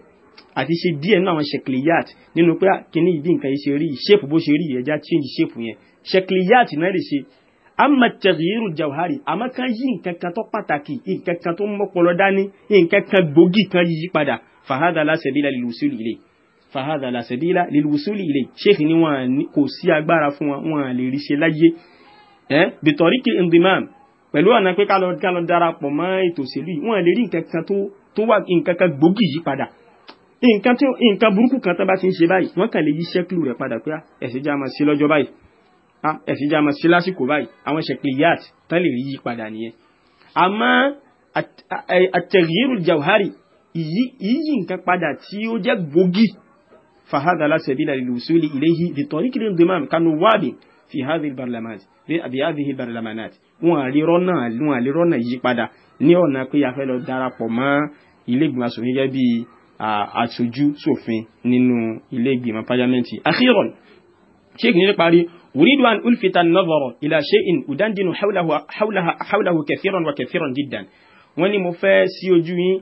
àti ṣe díẹ̀ shakliyat nínú pé kíní ìdí nǹkan yìí ṣe rí shape bó ṣe rí ẹja change shape yẹn shakliyat náà lè ṣe amma taghiru jawhari àmọ́ kan yí nǹkan kan tó pàtàkì nǹkan kan tó mọ́pọlọ dání nǹkan kan gbòógì kan yí padà fàhádà lásẹ̀bílà lìlùsùlù ilé fàhádà lásẹ̀bílà lìlùsùlù ilé sheikh ni wọn kò sí agbára fún wọn wọn lè rí ṣe láyé ẹ bìtọ̀ríkì ndimam pẹ̀lú ọ̀nà pé ká lọ darapọ̀ mọ́ ètò òṣèlú yìí wọn lè rí nǹkan kan tó wà nǹkan kan gbòógì yí padà nǹkan tí nǹkan burúkú kan tó bá ti ń ṣe báyìí wọn kàn lè yí ṣẹ́kìlù rẹ̀ padà pé ẹ̀sìn já máa ṣe lọ́jọ́ báyìí ẹ̀sìn já máa ṣe ìyí nǹkan padà tí ó jẹ́ gbòógì fahadà lásẹ̀bílà lùsùlì iléhi bìtọ̀rí kìlín dèmàm kanu wáàbì fi hadhihi barlamanat àbí hadhihi barlamanat wọn àlérò náà wọn àlérò náà yí padà ní ọ̀nà pé a fẹ́ lọ darapọ̀ mọ́ ilé ìgbìmọ̀ asòfin gẹ́gẹ́ bí aṣojú ṣòfin nínú ilé ìgbìmọ̀ pàjámẹ́ǹtì akhiran sheikh ní parí أريد أن ألفت النظر إلى شيء أدندن حوله حوله حوله كثيرا وكثيرا جدا وني مفاسيو جوين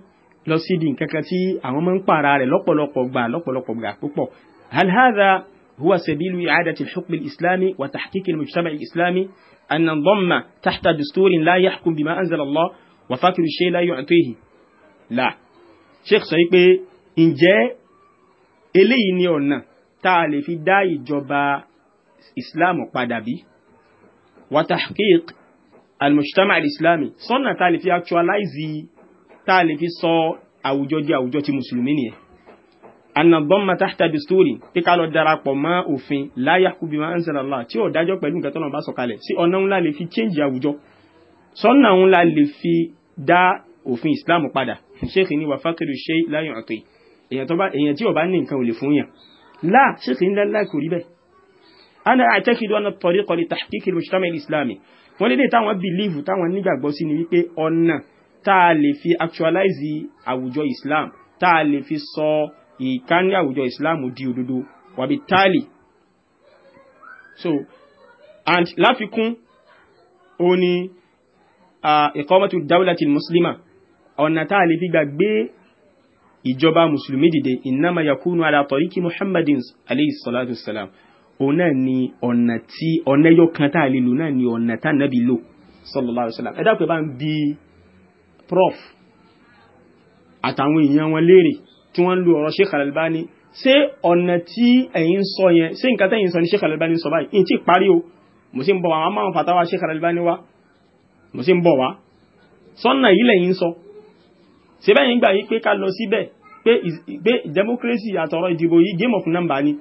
lọ sí di nǹkan kan tí àwọn máa ń pààrà rẹ̀ lọ́pọ̀lọpọ̀ gbà lọ́pọ̀lọpọ̀ gbà púpọ̀ hal hadha huwa sabilu i'adati al-hukm al-islami wa tahqiq al-mujtama' al-islami an nanḍamma tahta dasturin la yahkum bima anzala Allah wa fakiru shay la yu'tihi la sheikh sọ pé ǹjẹ́ eléyìí ni ọ̀nà tá a lè fi dá ìjọba islam padà bí wa tahqiq al islami sọ́nà tá a lè fi actualize tá a lè fi sọ àwùjọ di àwùjọ ti mùsùlùmí nìyẹn anadọ́mà tahta disturi pé ká lọ darapọ̀ mọ́ òfin láyà kúbi máa ń sẹ̀rẹ̀ Allah tí ò dájọ́ pẹ̀lú nǹkan tọ́nà bá sọ̀kalẹ̀ sí ọ̀nà ńlá lè fi change àwùjọ sọ́nà ńlá lè fi dá òfin Islam padà sheikh ni wàfákìrì ṣe láyọ̀ ọ̀tẹ̀ èèyàn tí ò bá ní nǹkan ò lè fún yàn láà sheikh ńlá láì kò rí bẹ́ẹ̀ ana àtẹ́kìdú ọ̀nà tọ̀rí kọ́ni tahqiq al-mujtama' al-islami wọ́n lé tá a lè fi actualize àwùjọ islam tá a lè fi sọ ìkànnì àwùjọ islam di òdodo wàbí tálì so and láfikún ó ní ìkọ́mọ́tò dáwọ́láti muslima ọ̀nà tá a lè fi gbàgbé ìjọba mùsùlùmí dìde innama yakunu ala tariki muhammadin alayhi salatu salam òun náà ni ọ̀nà tí ọ̀nà yọkan tá a lè lò náà ni ọ̀nà tá nàbí lò sallallahu alayhi wa sallam ẹ̀dá pé bá ń bi prof àtàwọn èèyàn wọn léèrè tí wọ́n ń lo ọ̀rọ̀ Sheikh Al-Albani ṣé ọ̀nà tí ẹ̀yin sọ yẹn ṣé nǹkan tẹ́yin sọ ni Sheikh Al-Albani sọ báyìí ìyìn tí ì parí o mo sì ń bọ̀ wá àwọn máa ń fàtàwà Sheikh Al-Albani wá mo sì ń bọ̀ wá sọ́nà yìí lẹ́yìn sọ ṣé bẹ́ẹ̀ gbà yí pé ká lọ síbẹ̀ pé democracy àtọ̀rọ̀ ìdìbò yìí game of number ni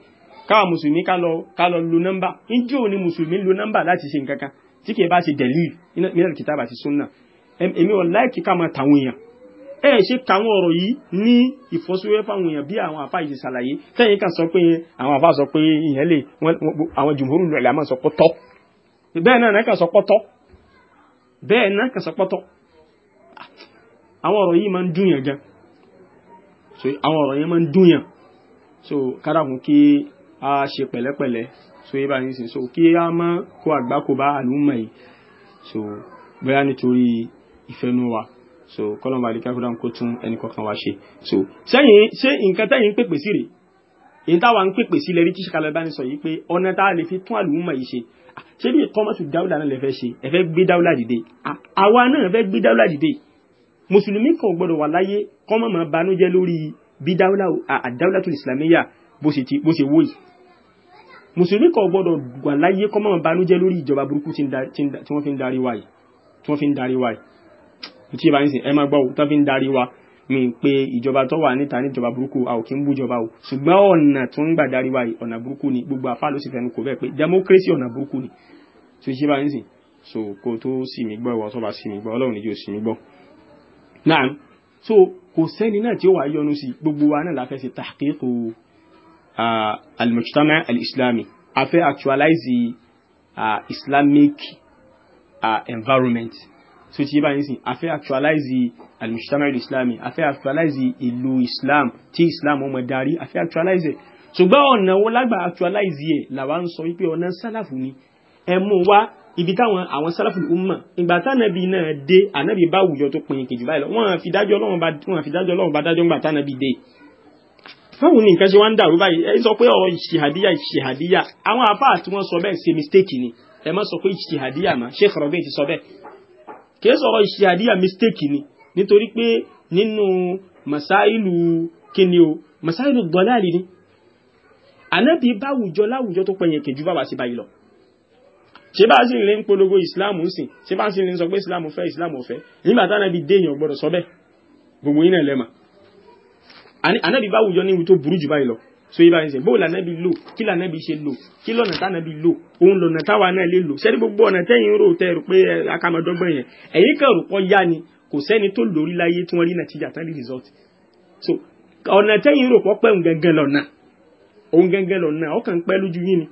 káwa mùsùlùmí ká lọ ká lọ lo nọ́mbà ìjọ ni mùsùlùmí lo nọ́mbà láti ṣe nǹkan kan tí kì í bá ṣe dẹ̀líì mílíọ̀nù kìtàbà ti súnà èmi ò láìkí ká máa tàwọn èèyàn ẹ ṣe káwọn ọ̀rọ̀ yìí ní ìfọ́síwẹ́ fáwọn èèyàn bí àwọn àfa yìí ṣàlàyé tẹ́yìn kan sọ pé àwọn àfa sọ pé ìyẹn lè àwọn jùmọ̀rù lọ́ọ̀lẹ́ àmọ́ sọ pọ́tọ́ bẹ́ẹ̀ náà kan sọ pọ́tọ́ bẹ́ẹ̀ náà kan sọ pọ́tọ́ àwọn ọ̀rọ̀ yìí máa ń dùn yàn gan so àwọn ọ̀rọ̀ yẹn máa ń dùn yàn so kádàkùn kí a ṣe pẹ̀lẹ́pẹ̀lẹ́ so yé báyìí sìn so kí a má kó àgbákò bá àlùmọ̀ yìí so bóyá nítorí ìfẹ́nu wa so kọ́lọ́mù àdìkà kúrò kó tún ẹnì kọ̀ọ̀kan wa ṣe so sẹ́yìn ṣé nǹkan tẹ́yìn ń pèpè sí rèé èyí táwa ń pèpè sí lẹ́rí tíṣà kalẹ̀ báni sọ yìí pé ọ̀nà tá a lè fi tún àlùmọ̀ yìí ṣe ṣé bí ìkọ́mọ̀tù dáúlà náà lè fẹ́ ṣe ẹ fẹ́ gbé dáúlà dìde àwa náà fẹ́ gbé dáúlà dìde mùsùlùmí kan gbọ́dọ̀ wà láyé kọ́mọ̀ banújẹ́ lórí bí dáúlà tó ìsìlámíyà bó ṣe wó yìí mùsùlùmí kan gbọ́dọ̀ wà láyé kọ́mọ̀ banújẹ́ lórí ìjọba burúkú tí wọ́n fi ń darí wa yìí tí ìbá ń sìn ẹ máa gbọ́ tán fi ń darí wa mi pé ìjọba tó wà níta níjọba burúkú a ò kí ń bú ìjọba o ṣùgbọ́n ọ̀nà tó ń gbà darí wa yìí ọ̀nà burúkú ni gbogbo afá ló sì fẹnu kò bẹ́ẹ̀ pé democracy ọ̀nà burúkú ni tó ṣe bá ń sìn so kó tó sì mí gbọ́ ìwọ tó bá sì mí gbọ́ ọlọ́run níjó sì mí gbọ́. náà so kò sẹ́ni náà tí ó wà yọnu sí gbogbo wa náà la fẹ́ ṣe tahqiqu al-mujtama' a fẹ́ actualize islamic environment so ti bá yín sìn a fẹ́ actualize al-mujtama' al-islami a fẹ́ actualize ìlú islam tí islam ọmọ darí a fẹ́ actualize ẹ̀ ṣùgbọ́n ọ̀nà wo lágbà actualize ẹ̀ làwa ń sọ wípé ọ̀nà sálàfù ni ẹ mú wá ibi táwọn àwọn sálàfù umma ìgbà tánàbí náà dé ànábì bá àwùjọ tó pin kejì báyìí lọ wọ́n fi dájọ́ Ọlọ́run bá wọ́n fi dájọ́ Ọlọ́run bá dájọ́ ńgbà tánàbí dé fáwọn ní nǹkan ṣe wá ń dàrú báyìí ẹ sọ pé ọ̀rọ̀ ìṣìhàdíyà ìṣìhàdíyà àwọn àfáà tí wọ́n sọ bẹ́ẹ̀ ṣe mistake ni ẹ má sọ pé ìṣìhàdíyà mà Sheikh Rabi' ti sọ bẹ́ẹ̀ kìí sọ̀rọ̀ ìṣìyàdíyà mistake ni nítorí pé nínú masáìlù kíni o masáìlù gbọ́láàlì ni ànábì bá wùjọ láwùjọ tó pẹ̀yẹ̀ kẹjú bá wà sí báyìí lọ ṣé bá sì lè ń polongo Islamu ń sìn ṣé bá sì lè ń sọ pé ìsìláàmù fẹ́ ìsìláàmù ọ̀fẹ́ nígbà tí ànábì dé gbọ́dọ̀ sọ bẹ́ẹ̀ gbogbo yín náà lẹ́mà bá wùjọ ní ibi tó burú jù báyìí lọ so yìí báyìí sè bó lànàbí lò kí lànàbí ṣe lò kí lọ́nà tànàbí lò òun lọ́nà táwa náà lè lò sẹ́ni gbogbo ọ̀nà tẹ́yìn rò tẹ́ rò pé akamọ̀dọ́gbọ̀n yẹn ẹ̀yìn kan rò pọ̀ ni kò sẹ́ni tó lórí láyé tí wọ́n rí nàtìjà tán rí result so ọ̀nà tẹ́yìn rò pọ̀ pẹ́ òun gangan lọ́nà òun gangan lọ́nà ọkàn pẹ́ lójú yín ni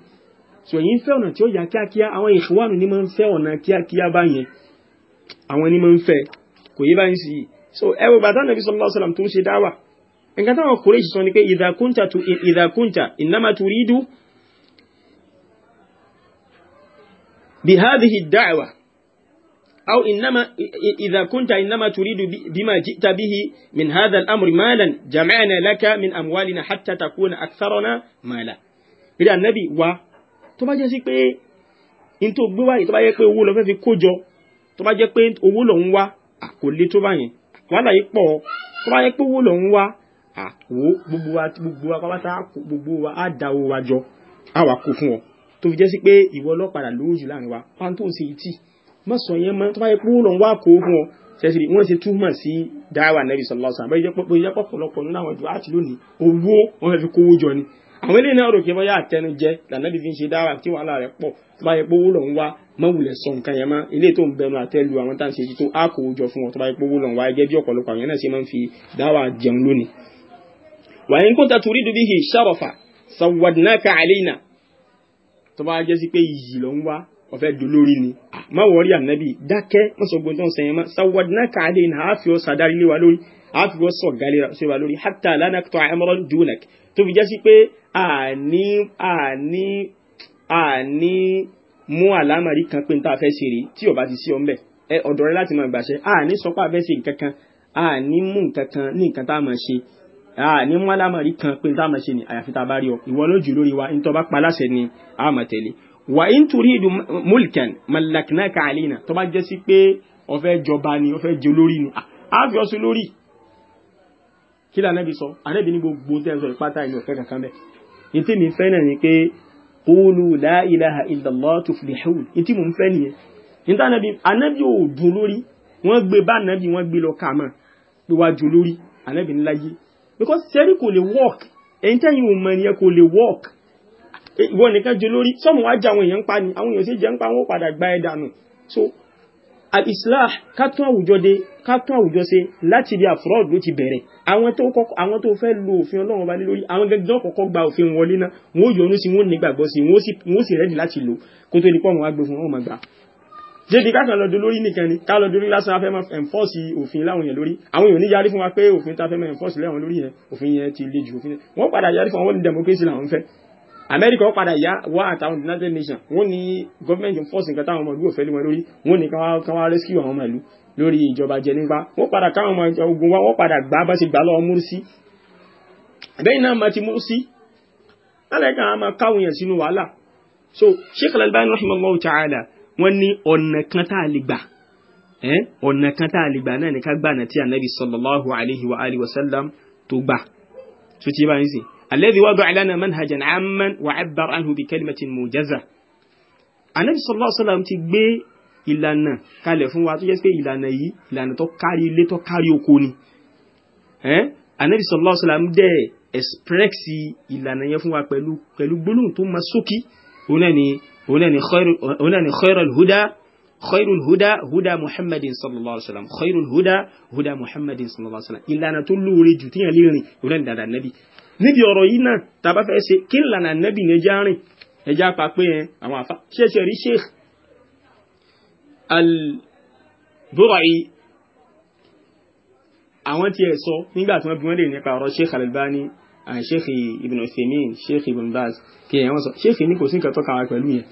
so yìí ń fẹ́ ọ̀nà tí ó yà kíákíá àwọn ìṣúwánu ni máa ń fẹ́ ọ̀nà kíákíá ni máa ń fẹ́ so ẹ wo bàtà nàbí sallallahu alaihi nǹkan táwọn kùrẹ́ṣì sọ ni pé ìdàkúntà ìdàkúntà ìnáma turidu bi hadhihi da'wa أو إنما إذا كنت إنما تريد بما جئت به من هذا الأمر مالا جمعنا لك من أموالنا حتى تكون أكثرنا مالا إذا النبي و tó bá jẹ́ sí pé in tó gbé wáyé tó bá jẹ́ pé owó lọ fẹ́ fi kó jọ tó bá jẹ́ pé owó lọ ń wá àkólé tó bá yẹn wàhálà yìí pọ̀ tó bá jẹ́ pé owó lọ ń wá wo gbogbo wa gbogbo wa pátá gbogbo wa á da owó wa jọ á wà kó fún ọ tó fi jẹ́ sí pé ìwọ ọlọ́pàá lóòjù láàrin wa wá tó ń ṣe yìí tì má sọ yẹn mọ́ tó bá yẹ pé ó lọ wá kó fún ọ sẹ́sìrì wọ́n ṣe túmọ̀ sí dáwà nẹ́bí sọlọ́sàn àbẹ́jọ́ pé yẹ pọ̀pọ̀lọpọ̀ nínú àwọn ìdùn àti lónìí owó wọn fẹ́ fi kówó jọ ni àwọn eléyìí náà rò pé bọ́yá àtẹnujẹ lànàbí fi ń ṣe dáwà tí wàhálà rẹ̀ pọ̀ tó bá yẹ pé owó lọ́n wá mọ́wulẹ̀ sọ nǹkan yẹn mọ́ ilé tó ń bẹnu àtẹ́lu àwọn tá à ń jọ fún wọn tó bá yẹ pé owó lọ́n wá gẹ́gẹ́ bí ọ̀pọ̀lọpọ̀ àwọn náà ṣe máa ń fi dáwà jẹun lónìí wa in kunta turidu bihi sharafa sawadnaka alayna tó bá jẹ́ sí pé yìí ló ń wá ọ̀fẹ́ dolórí ni má wọrí ànábì dákẹ́ mọ́sọ̀gbọ́n tó ń sẹ́yìn mọ́ sawadnaka alayna á ọ́ sàdárí lé wa lórí á ọ́ sọ̀ gálé sí wa lórí hatta la naqta'a amran dunak tó fi jẹ́ sí pé àní àní àní mú àlámàrí kan pé n ta fẹ́ ṣe rèé tí ò bá ti sí ọ mbẹ́ ọ̀dọ̀ rẹ láti máa gbàṣẹ àní sọpá fẹ́ ṣe nǹkan kan àní mú nǹkan kan ní nǹkan tá a máa ṣe Ah, ní mú alámọ̀rí kan pé tá a máa ṣe ni àyàfi tá a bá rí ọ ìwọ ló lórí wa ní tó bá ni a máa tẹ̀lé wà in turidu mulkan malaknaka alina tó bá jẹ́ sí pé ó fẹ́ jọba ni ó fẹ́ jẹ olórí ni a fi ọsùn lórí kí lóò anábì sọ anábì ní gbogbo tẹ́ ẹ sọ ìpátá ìlú ọ̀fẹ́ kankan bẹ́ẹ̀ ètí mi fẹ́ náà ni pé qulu la ilaha illallah tuflihun ètí mò ń fẹ́ nìyẹn níta anábì anábì ò dùn lórí wọ́n gbé bá anábì wọ́n gbé lọ kà mọ́ pé wàá jù lórí anábì ńlá yìí because sẹ́rí kò lè work ẹ̀yin tẹ́yìn ò mọ̀ ẹ̀yẹ kò lè work ìwọ nìkan jẹ lórí sọ́mù wá jẹ àwọn èèyàn ń pa ni àwọn èèyàn sì jẹ́ ń pa wọ́n padà gba ẹ̀ dànù so al-islah ká tún àwùjọ de ká tún àwùjọ ṣe láti di àfúrọ́ọ̀dù ló ti bẹ̀rẹ̀ àwọn tó kọ́kọ́ àwọn tó fẹ́ lo òfin ọlọ́run bá lé lórí àwọn gẹ́gẹ́ kọ́kọ́ gba òfin wọlé náà wọ́n yọnu sí wọ́n nígbàgbọ́ sí wọ́n sì rẹ́ni láti lò kó tó di pọ́ wọn wá gbé fún wọn mọ̀ gbà débi kákan lọ dolórí nìkan ni ká lọ dolórí lásán afẹ́ máa ẹ̀ǹfọ́ọ̀sì òfin láwọn yẹn lórí àwọn èèyàn ní yarí fún wa pé òfin tá a fẹ́ máa ẹ̀ǹfọ́ọ̀sì láwọn lórí yẹn òfin yẹn ti le jù òfin yẹn wọ́n padà yarí fún àwọn ní democracy làwọn fẹ́ amẹ́ríkà wọ́n padà yá wá àtàwọn united nations wọ́n ní gọ́ọ̀mẹ̀ntì ẹ̀ǹfọ́ọ̀sì nǹkan táwọn ọmọ ìlú òfẹ́ lé wọn lórí wọ́n ní káwá rescue àwọn ọmọ ìlú lórí ìjọba jẹ nípa wọ́n padà káwọn ọmọ ogun wa wọ́n padà gbà bá ti gbà lọ́wọ́ múrísí bẹ́ẹ̀ náà ma ti múrísí lálẹ́ kan a máa káwọn yẹn sínú wàhálà so sheikh al-Albani rahimahullah ta'ala wọ́n ní ọ̀nà kan tá a lè gbà ọ̀nà kan tá a lè gbà náà ní ká gbà náà tí anabi sallallahu alayhi wa alihi wa sallam tó gbà tó ti bá yín sìn alladhi wada'a lana manhajan amman wa abbar anhu bi kalimatin mujaza anabi sallallahu alayhi wa sallam ti gbé ìlànà kalẹ̀ fún wa tó jẹ́ pé ìlànà yìí ìlànà tó kárí ilé tó kárí oko ni anabi sallallahu alayhi wa sallam dẹ́ express ìlànà yẹn fún wa pẹ̀lú pẹ̀lú gbólóhùn tó máa sókí òun náà ni òun náà ni khairul huda khairul huda huda muhammadin sallallahu alaihi wa sallam khairul huda huda muhammadin sallallahu alaihi wa sallam ìlànà tó lóore jù tíyàn lè rìn òun náà ni dada nabi níbi ọ̀rọ̀ yìí náà tàbá fẹ́ ṣe kí ìlànà nabi ní ẹja rìn ẹja pa pé ẹ àwọn àfa ṣẹṣẹ rí sheikh al-burayi àwọn tiẹ̀ sọ nígbà tí wọ́n bí wọ́n lè nípa ọ̀rọ̀ sheikh al-albani sheikh ibn Uthaymeen sheikh ibn Baz kí ẹ̀yàn sọ sheikh ní kò sí nǹkan tọ́ka wa pẹ̀lú yẹn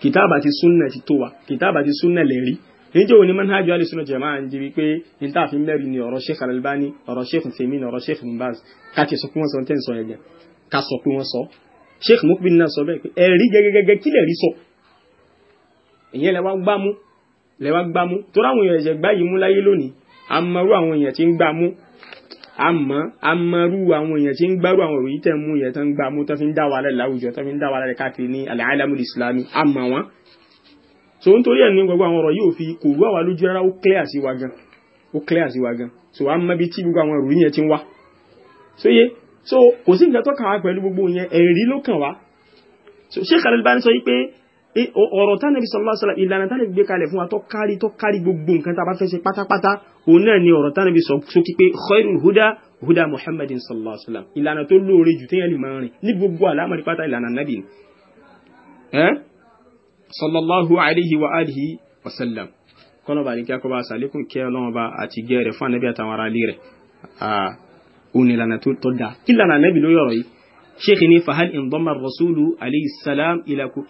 kìtáàbà ti súnà ti tó wa kìtáàbà ti súnà lẹ́rí níjẹ́ òní manhaj alẹ́ súnà jẹ̀máà ń di wípé ní tá a fi mẹ́rin ni ọ̀rọ̀ sheikh Al-Albani ọ̀rọ̀ sheikh Uthaymeen ọ̀rọ̀ sheikh ibn Baz ká ti sọ pé wọ́n sọ tẹ́ ń sọ ẹ̀gẹ̀ ká sọ pé wọ́n sọ sheikh Muqbil náà sọ bẹ́ẹ̀ pé ẹ̀rí gẹ́gẹ́gẹ́gẹ́ kí lẹ̀rí sọ ìyẹn lẹ́wà gbámú lẹ́wà gbámú tó ráwọn èèyàn ẹ̀jẹ̀ gbá yìí mú láyé lónìí àmọ́rú àwọn èèyàn ti ń gbámú àmọ́ àmọ́rú àwọn èèyàn tí ń gbárù àwọn òròyìn tẹ̀ mú yẹn tó ń gbà mú tó fi ń dá wàhálà láwùjọ tó fi ń dá wàhálà káàkiri ní al-alamu al-islami àmọ́ wọn. so nítorí ẹ̀ ní gbogbo àwọn ọ̀rọ̀ yìí ò fi kò rú àwa lójú rárá ó clear sí wa gan so àmọ́ bí tí gbogbo àwọn òròyìn yẹn ti ń wá. so yé so kò sí nǹkan tó kàn wá pẹ̀lú gbogbo yẹn ẹ̀rí ló kàn wá. so Sheikh Al-Albani sọ yìí pé ọ̀rọ̀ tánàbí sallallahu alaihi wasallam ìlànà tánàbí gbé kalẹ̀ fún wa tó kárí tó kárí gbogbo nǹkan tá a bá fẹ́ ṣe pátápátá òun náà ni ọ̀rọ̀ tánàbí sọ sókí pé khairul huda huda muhammadin sallallahu alaihi wasallam ìlànà tó lóore jù téèyàn lè máa rìn ní gbogbo àlámọ̀rí pátá ìlànà nàbì sallallahu alaihi wa alihi wasallam kọ́nà bá ní kí akọba sàlékún kí ọlọ́wọ́ bá àti gẹ́ rẹ̀ fún ànábì àtàwọn ará ilé rẹ̀ òun ìlànà tó tọ́ da kí lànà ànábì ló yọ̀rọ̀ yìí sheikh ni fahal indama rasulu alayhi salam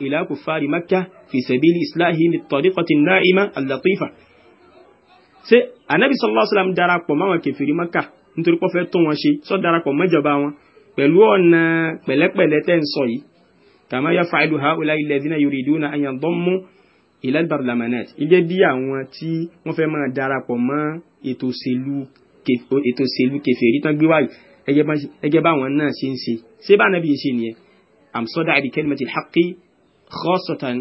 ila kufari makkah fi sabili islahi ni tariqati na'ima al-latifa ṣé anabi sallallahu alayhi wa sallam darapọ̀ máwọn kẹfìrí maka nítorí pé ó fẹ́ tó wọn ṣe sọ darapọ̀ mọ́jọba wọn pẹ̀lú ọ̀nà pẹ̀lẹ́pẹ̀lẹ́ tẹ́ ń sọ yìí kama yaf'alu ha'ula'i alladhina yuriduna an yandammu ila al-barlamanat ìjẹ́ bí àwọn tí wọ́n fẹ́ máa darapọ̀ mọ́ ètò òṣèlú kèfèrí tán gbé wáyé ẹgẹ́ bá wọn náà ṣe ń ṣe ṣé bá nàbí ṣe nìyẹn àmsọ́dá àbí kalimati haqqi khassatan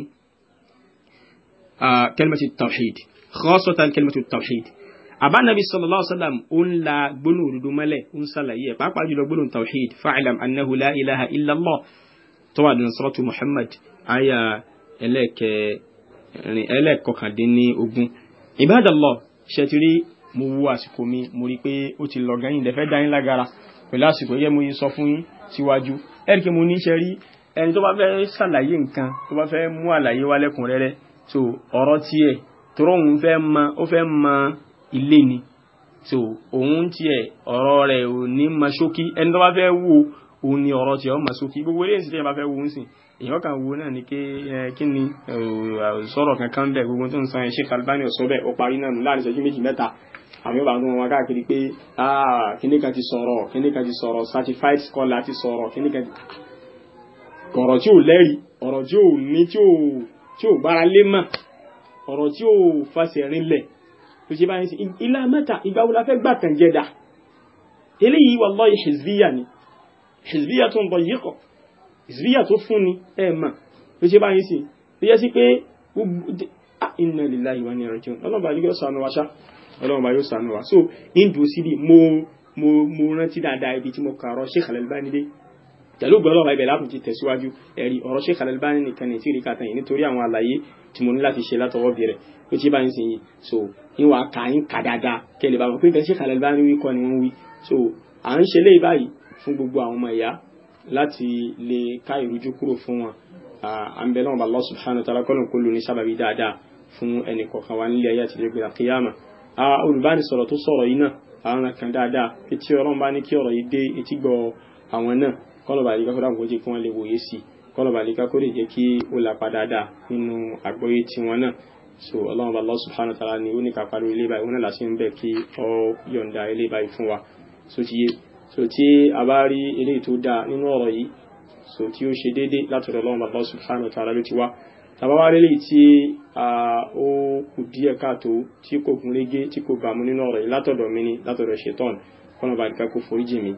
ah, kalimati tawhid khasatan kalimatu tawhid àbá nàbí sallallahu alaihi wasallam ó ń la gbóná òdodo mọ́lẹ̀ ó ń sàlàyé ẹ̀ pàápàá jùlọ gbóná tawhid fa'lam annahu la ilaha illallah tó wà nínú suratu muhammad àyà ẹlẹ́ẹ̀kọkàndínlógún ibadallah ṣètìrí mo wo àsìkò mi mo rí i pé ti lọ gan yín dẹ̀ fẹ́ dá yín lágara pẹ̀lú àsìkò yẹ mo yín sọ fún yín síwájú ẹ̀rí kí mo ní ṣe ẹni tó bá fẹ́ ṣàlàyé nǹkan tó bá fẹ́ mú àlàyé wálẹ́kùnrẹ́rẹ́ so ọ̀rọ̀ tiẹ̀ tróun fẹ́ mọ ó fẹ́ mọ ilé ni so òun tiẹ̀ ọ̀rọ̀ rẹ̀ ò ní mọ ṣókí ẹni tó bá fẹ́ wò òun ni ọ̀rọ̀ tiẹ̀ ó mọ ṣókí gbogbo eléyìí sì tẹ́yìn bá fẹ́ wò ó sìn èèyàn kan wo náà ni pé kí ni sọ̀rọ̀ kankan bẹ́ẹ̀ gbogbo tó ń san Sheikh Albani ọ̀sọ́ bẹ́ẹ̀ ó parí náà nù láàrin ìṣẹ́jú méjì mẹ́ta àmì ọba àwọn wọn káàkiri pé kíní kan ti sọ̀rọ̀ kíní kan ti sọ̀rọ̀ certified scholar ti sọ̀rọ̀ kíní kan ti ọ̀rọ̀ tí ò lẹ́rìí ọ̀rọ̀ tí ò ní tí ò bára lé mọ́ ọ̀rọ̀ tí ó fàṣẹ rinlẹ̀ tó ṣe báyìí sí ilá mẹ́ta ìgbàwọlá fẹ́ gbà tàn jẹ́dà eléyìí wallahi hizbiya ni hizbiya tó ń bọ yíkọ̀ hizbiya tó fún ni ẹ mà tó ṣe báyìí sí tó yẹ sí pé inna lillahi wa inna ilaihi raji'un ọlọ́ba yóò sànù wa ṣá ọlọ́ba yóò sànù wa so ní dùn síbi mo rántí dáadáa ibi tí mo kàrọ Sheikh Al-Albani dé pẹ̀lú gbọ́dọ̀ ọba ibẹ̀ látún ti tẹ̀síwájú ẹ̀rí ọ̀rọ̀ Sheikh Al-Albani nìkan ní tí rí kàtàn yìí nítorí àwọn àlàyé tí mo ní láti ṣe látọwọ́ bẹ̀rẹ̀ ó ti bá ń sìn yìí so ìwà kà ń kà dáadáa kẹlẹ̀ bá wọn pé Sheikh Al-Albani wí kọ́ ni wọ́n wí so à ń ṣe léyìí báyìí fún gbogbo àwọn ọmọ ìyá láti lè ká ìrújú kúrò fún wọn à ń bẹ Allah subhanahu wa ta'ala kọ́lọ̀ kó lò ní sábàbí dáadáa fún ẹnì kọ̀ọ̀kan wa nílé ayé àtijọ́ gbéra kíyàmà olùbánisọ̀rọ̀ tó sọ̀rọ̀ yìí náà àwọn kan dáadáa etí ọlọ́run bá ní kí àwọn náà kọ́lọ̀bà àlíká kó dáàbò jẹ́ kí wọ́n lè wòye sí kọ́lọ̀bà àlíká kó lè jẹ́ kí ó lapa dáadáa nínú àgbọ́yé tiwọn náà so ọlọ́run bá Allah subhanahu wa ta'ala ni ó ní ká parí ilé báyìí ó náà láti ń bẹ̀ kí ọ yọ̀ǹda ilé báyìí fún wa so ti tí a bá rí ilé tó dáa nínú ọ̀rọ̀ yìí so tí ó ṣe déédéé látọ̀dọ̀ ọlọ́run bá Allah subhanahu wa ta'ala ló ti wá tàbá wá rí léyìí tí ó kù díẹ̀ káàtó tí kò gúnrégé tí kò bàmú nínú ọ̀rọ̀ yìí látọ̀dọ̀ mi ni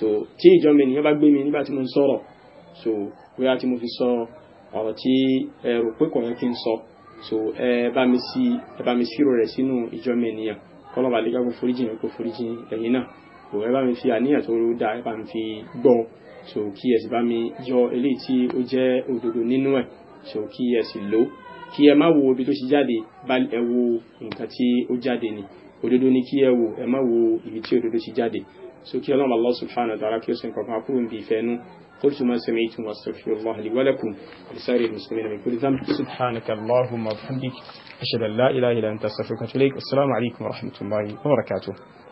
so tí ìjọba ènìyàn bá gbé mi nígbà tí mo ń sọ̀rọ̀ so bóyá tí mo fi sọ ọ̀rọ̀ tí ẹ pé kò yẹ kí n sọ so ẹ bá mi sí ẹ bá mi sírò rẹ̀ sínú ìjọba ènìyàn kọ́lọ́ba lè gbàgbọ́ foríjì yẹn kó foríjì ẹ̀yìn náà so ẹ bá mi fi àníyàn tó rú dáa ẹ bá mi fi gbọ́ so kí ẹ sì bá mi yọ eléyìí tí ó jẹ́ òdodo nínú ẹ̀ so kí ẹ sì lò ó kí ẹ má wo ibi tó ṣe jáde bá ẹ wo nǹkan tí ó jáde ni òdodo ni kí ẹ wo ẹ má wo ibi tí òdodo ṣe jáde سوكي الله الله سبحانه وتعالى كيوسن يسنكم فاكون بيفانو قلت ما سمعتم واستغفر الله لي ولكم ولسائر المسلمين من كل ذنب سبحانك اللهم وبحمدك أشهد أن لا إله إلا أنت أستغفرك وأتوب إليك والسلام عليكم ورحمة الله وبركاته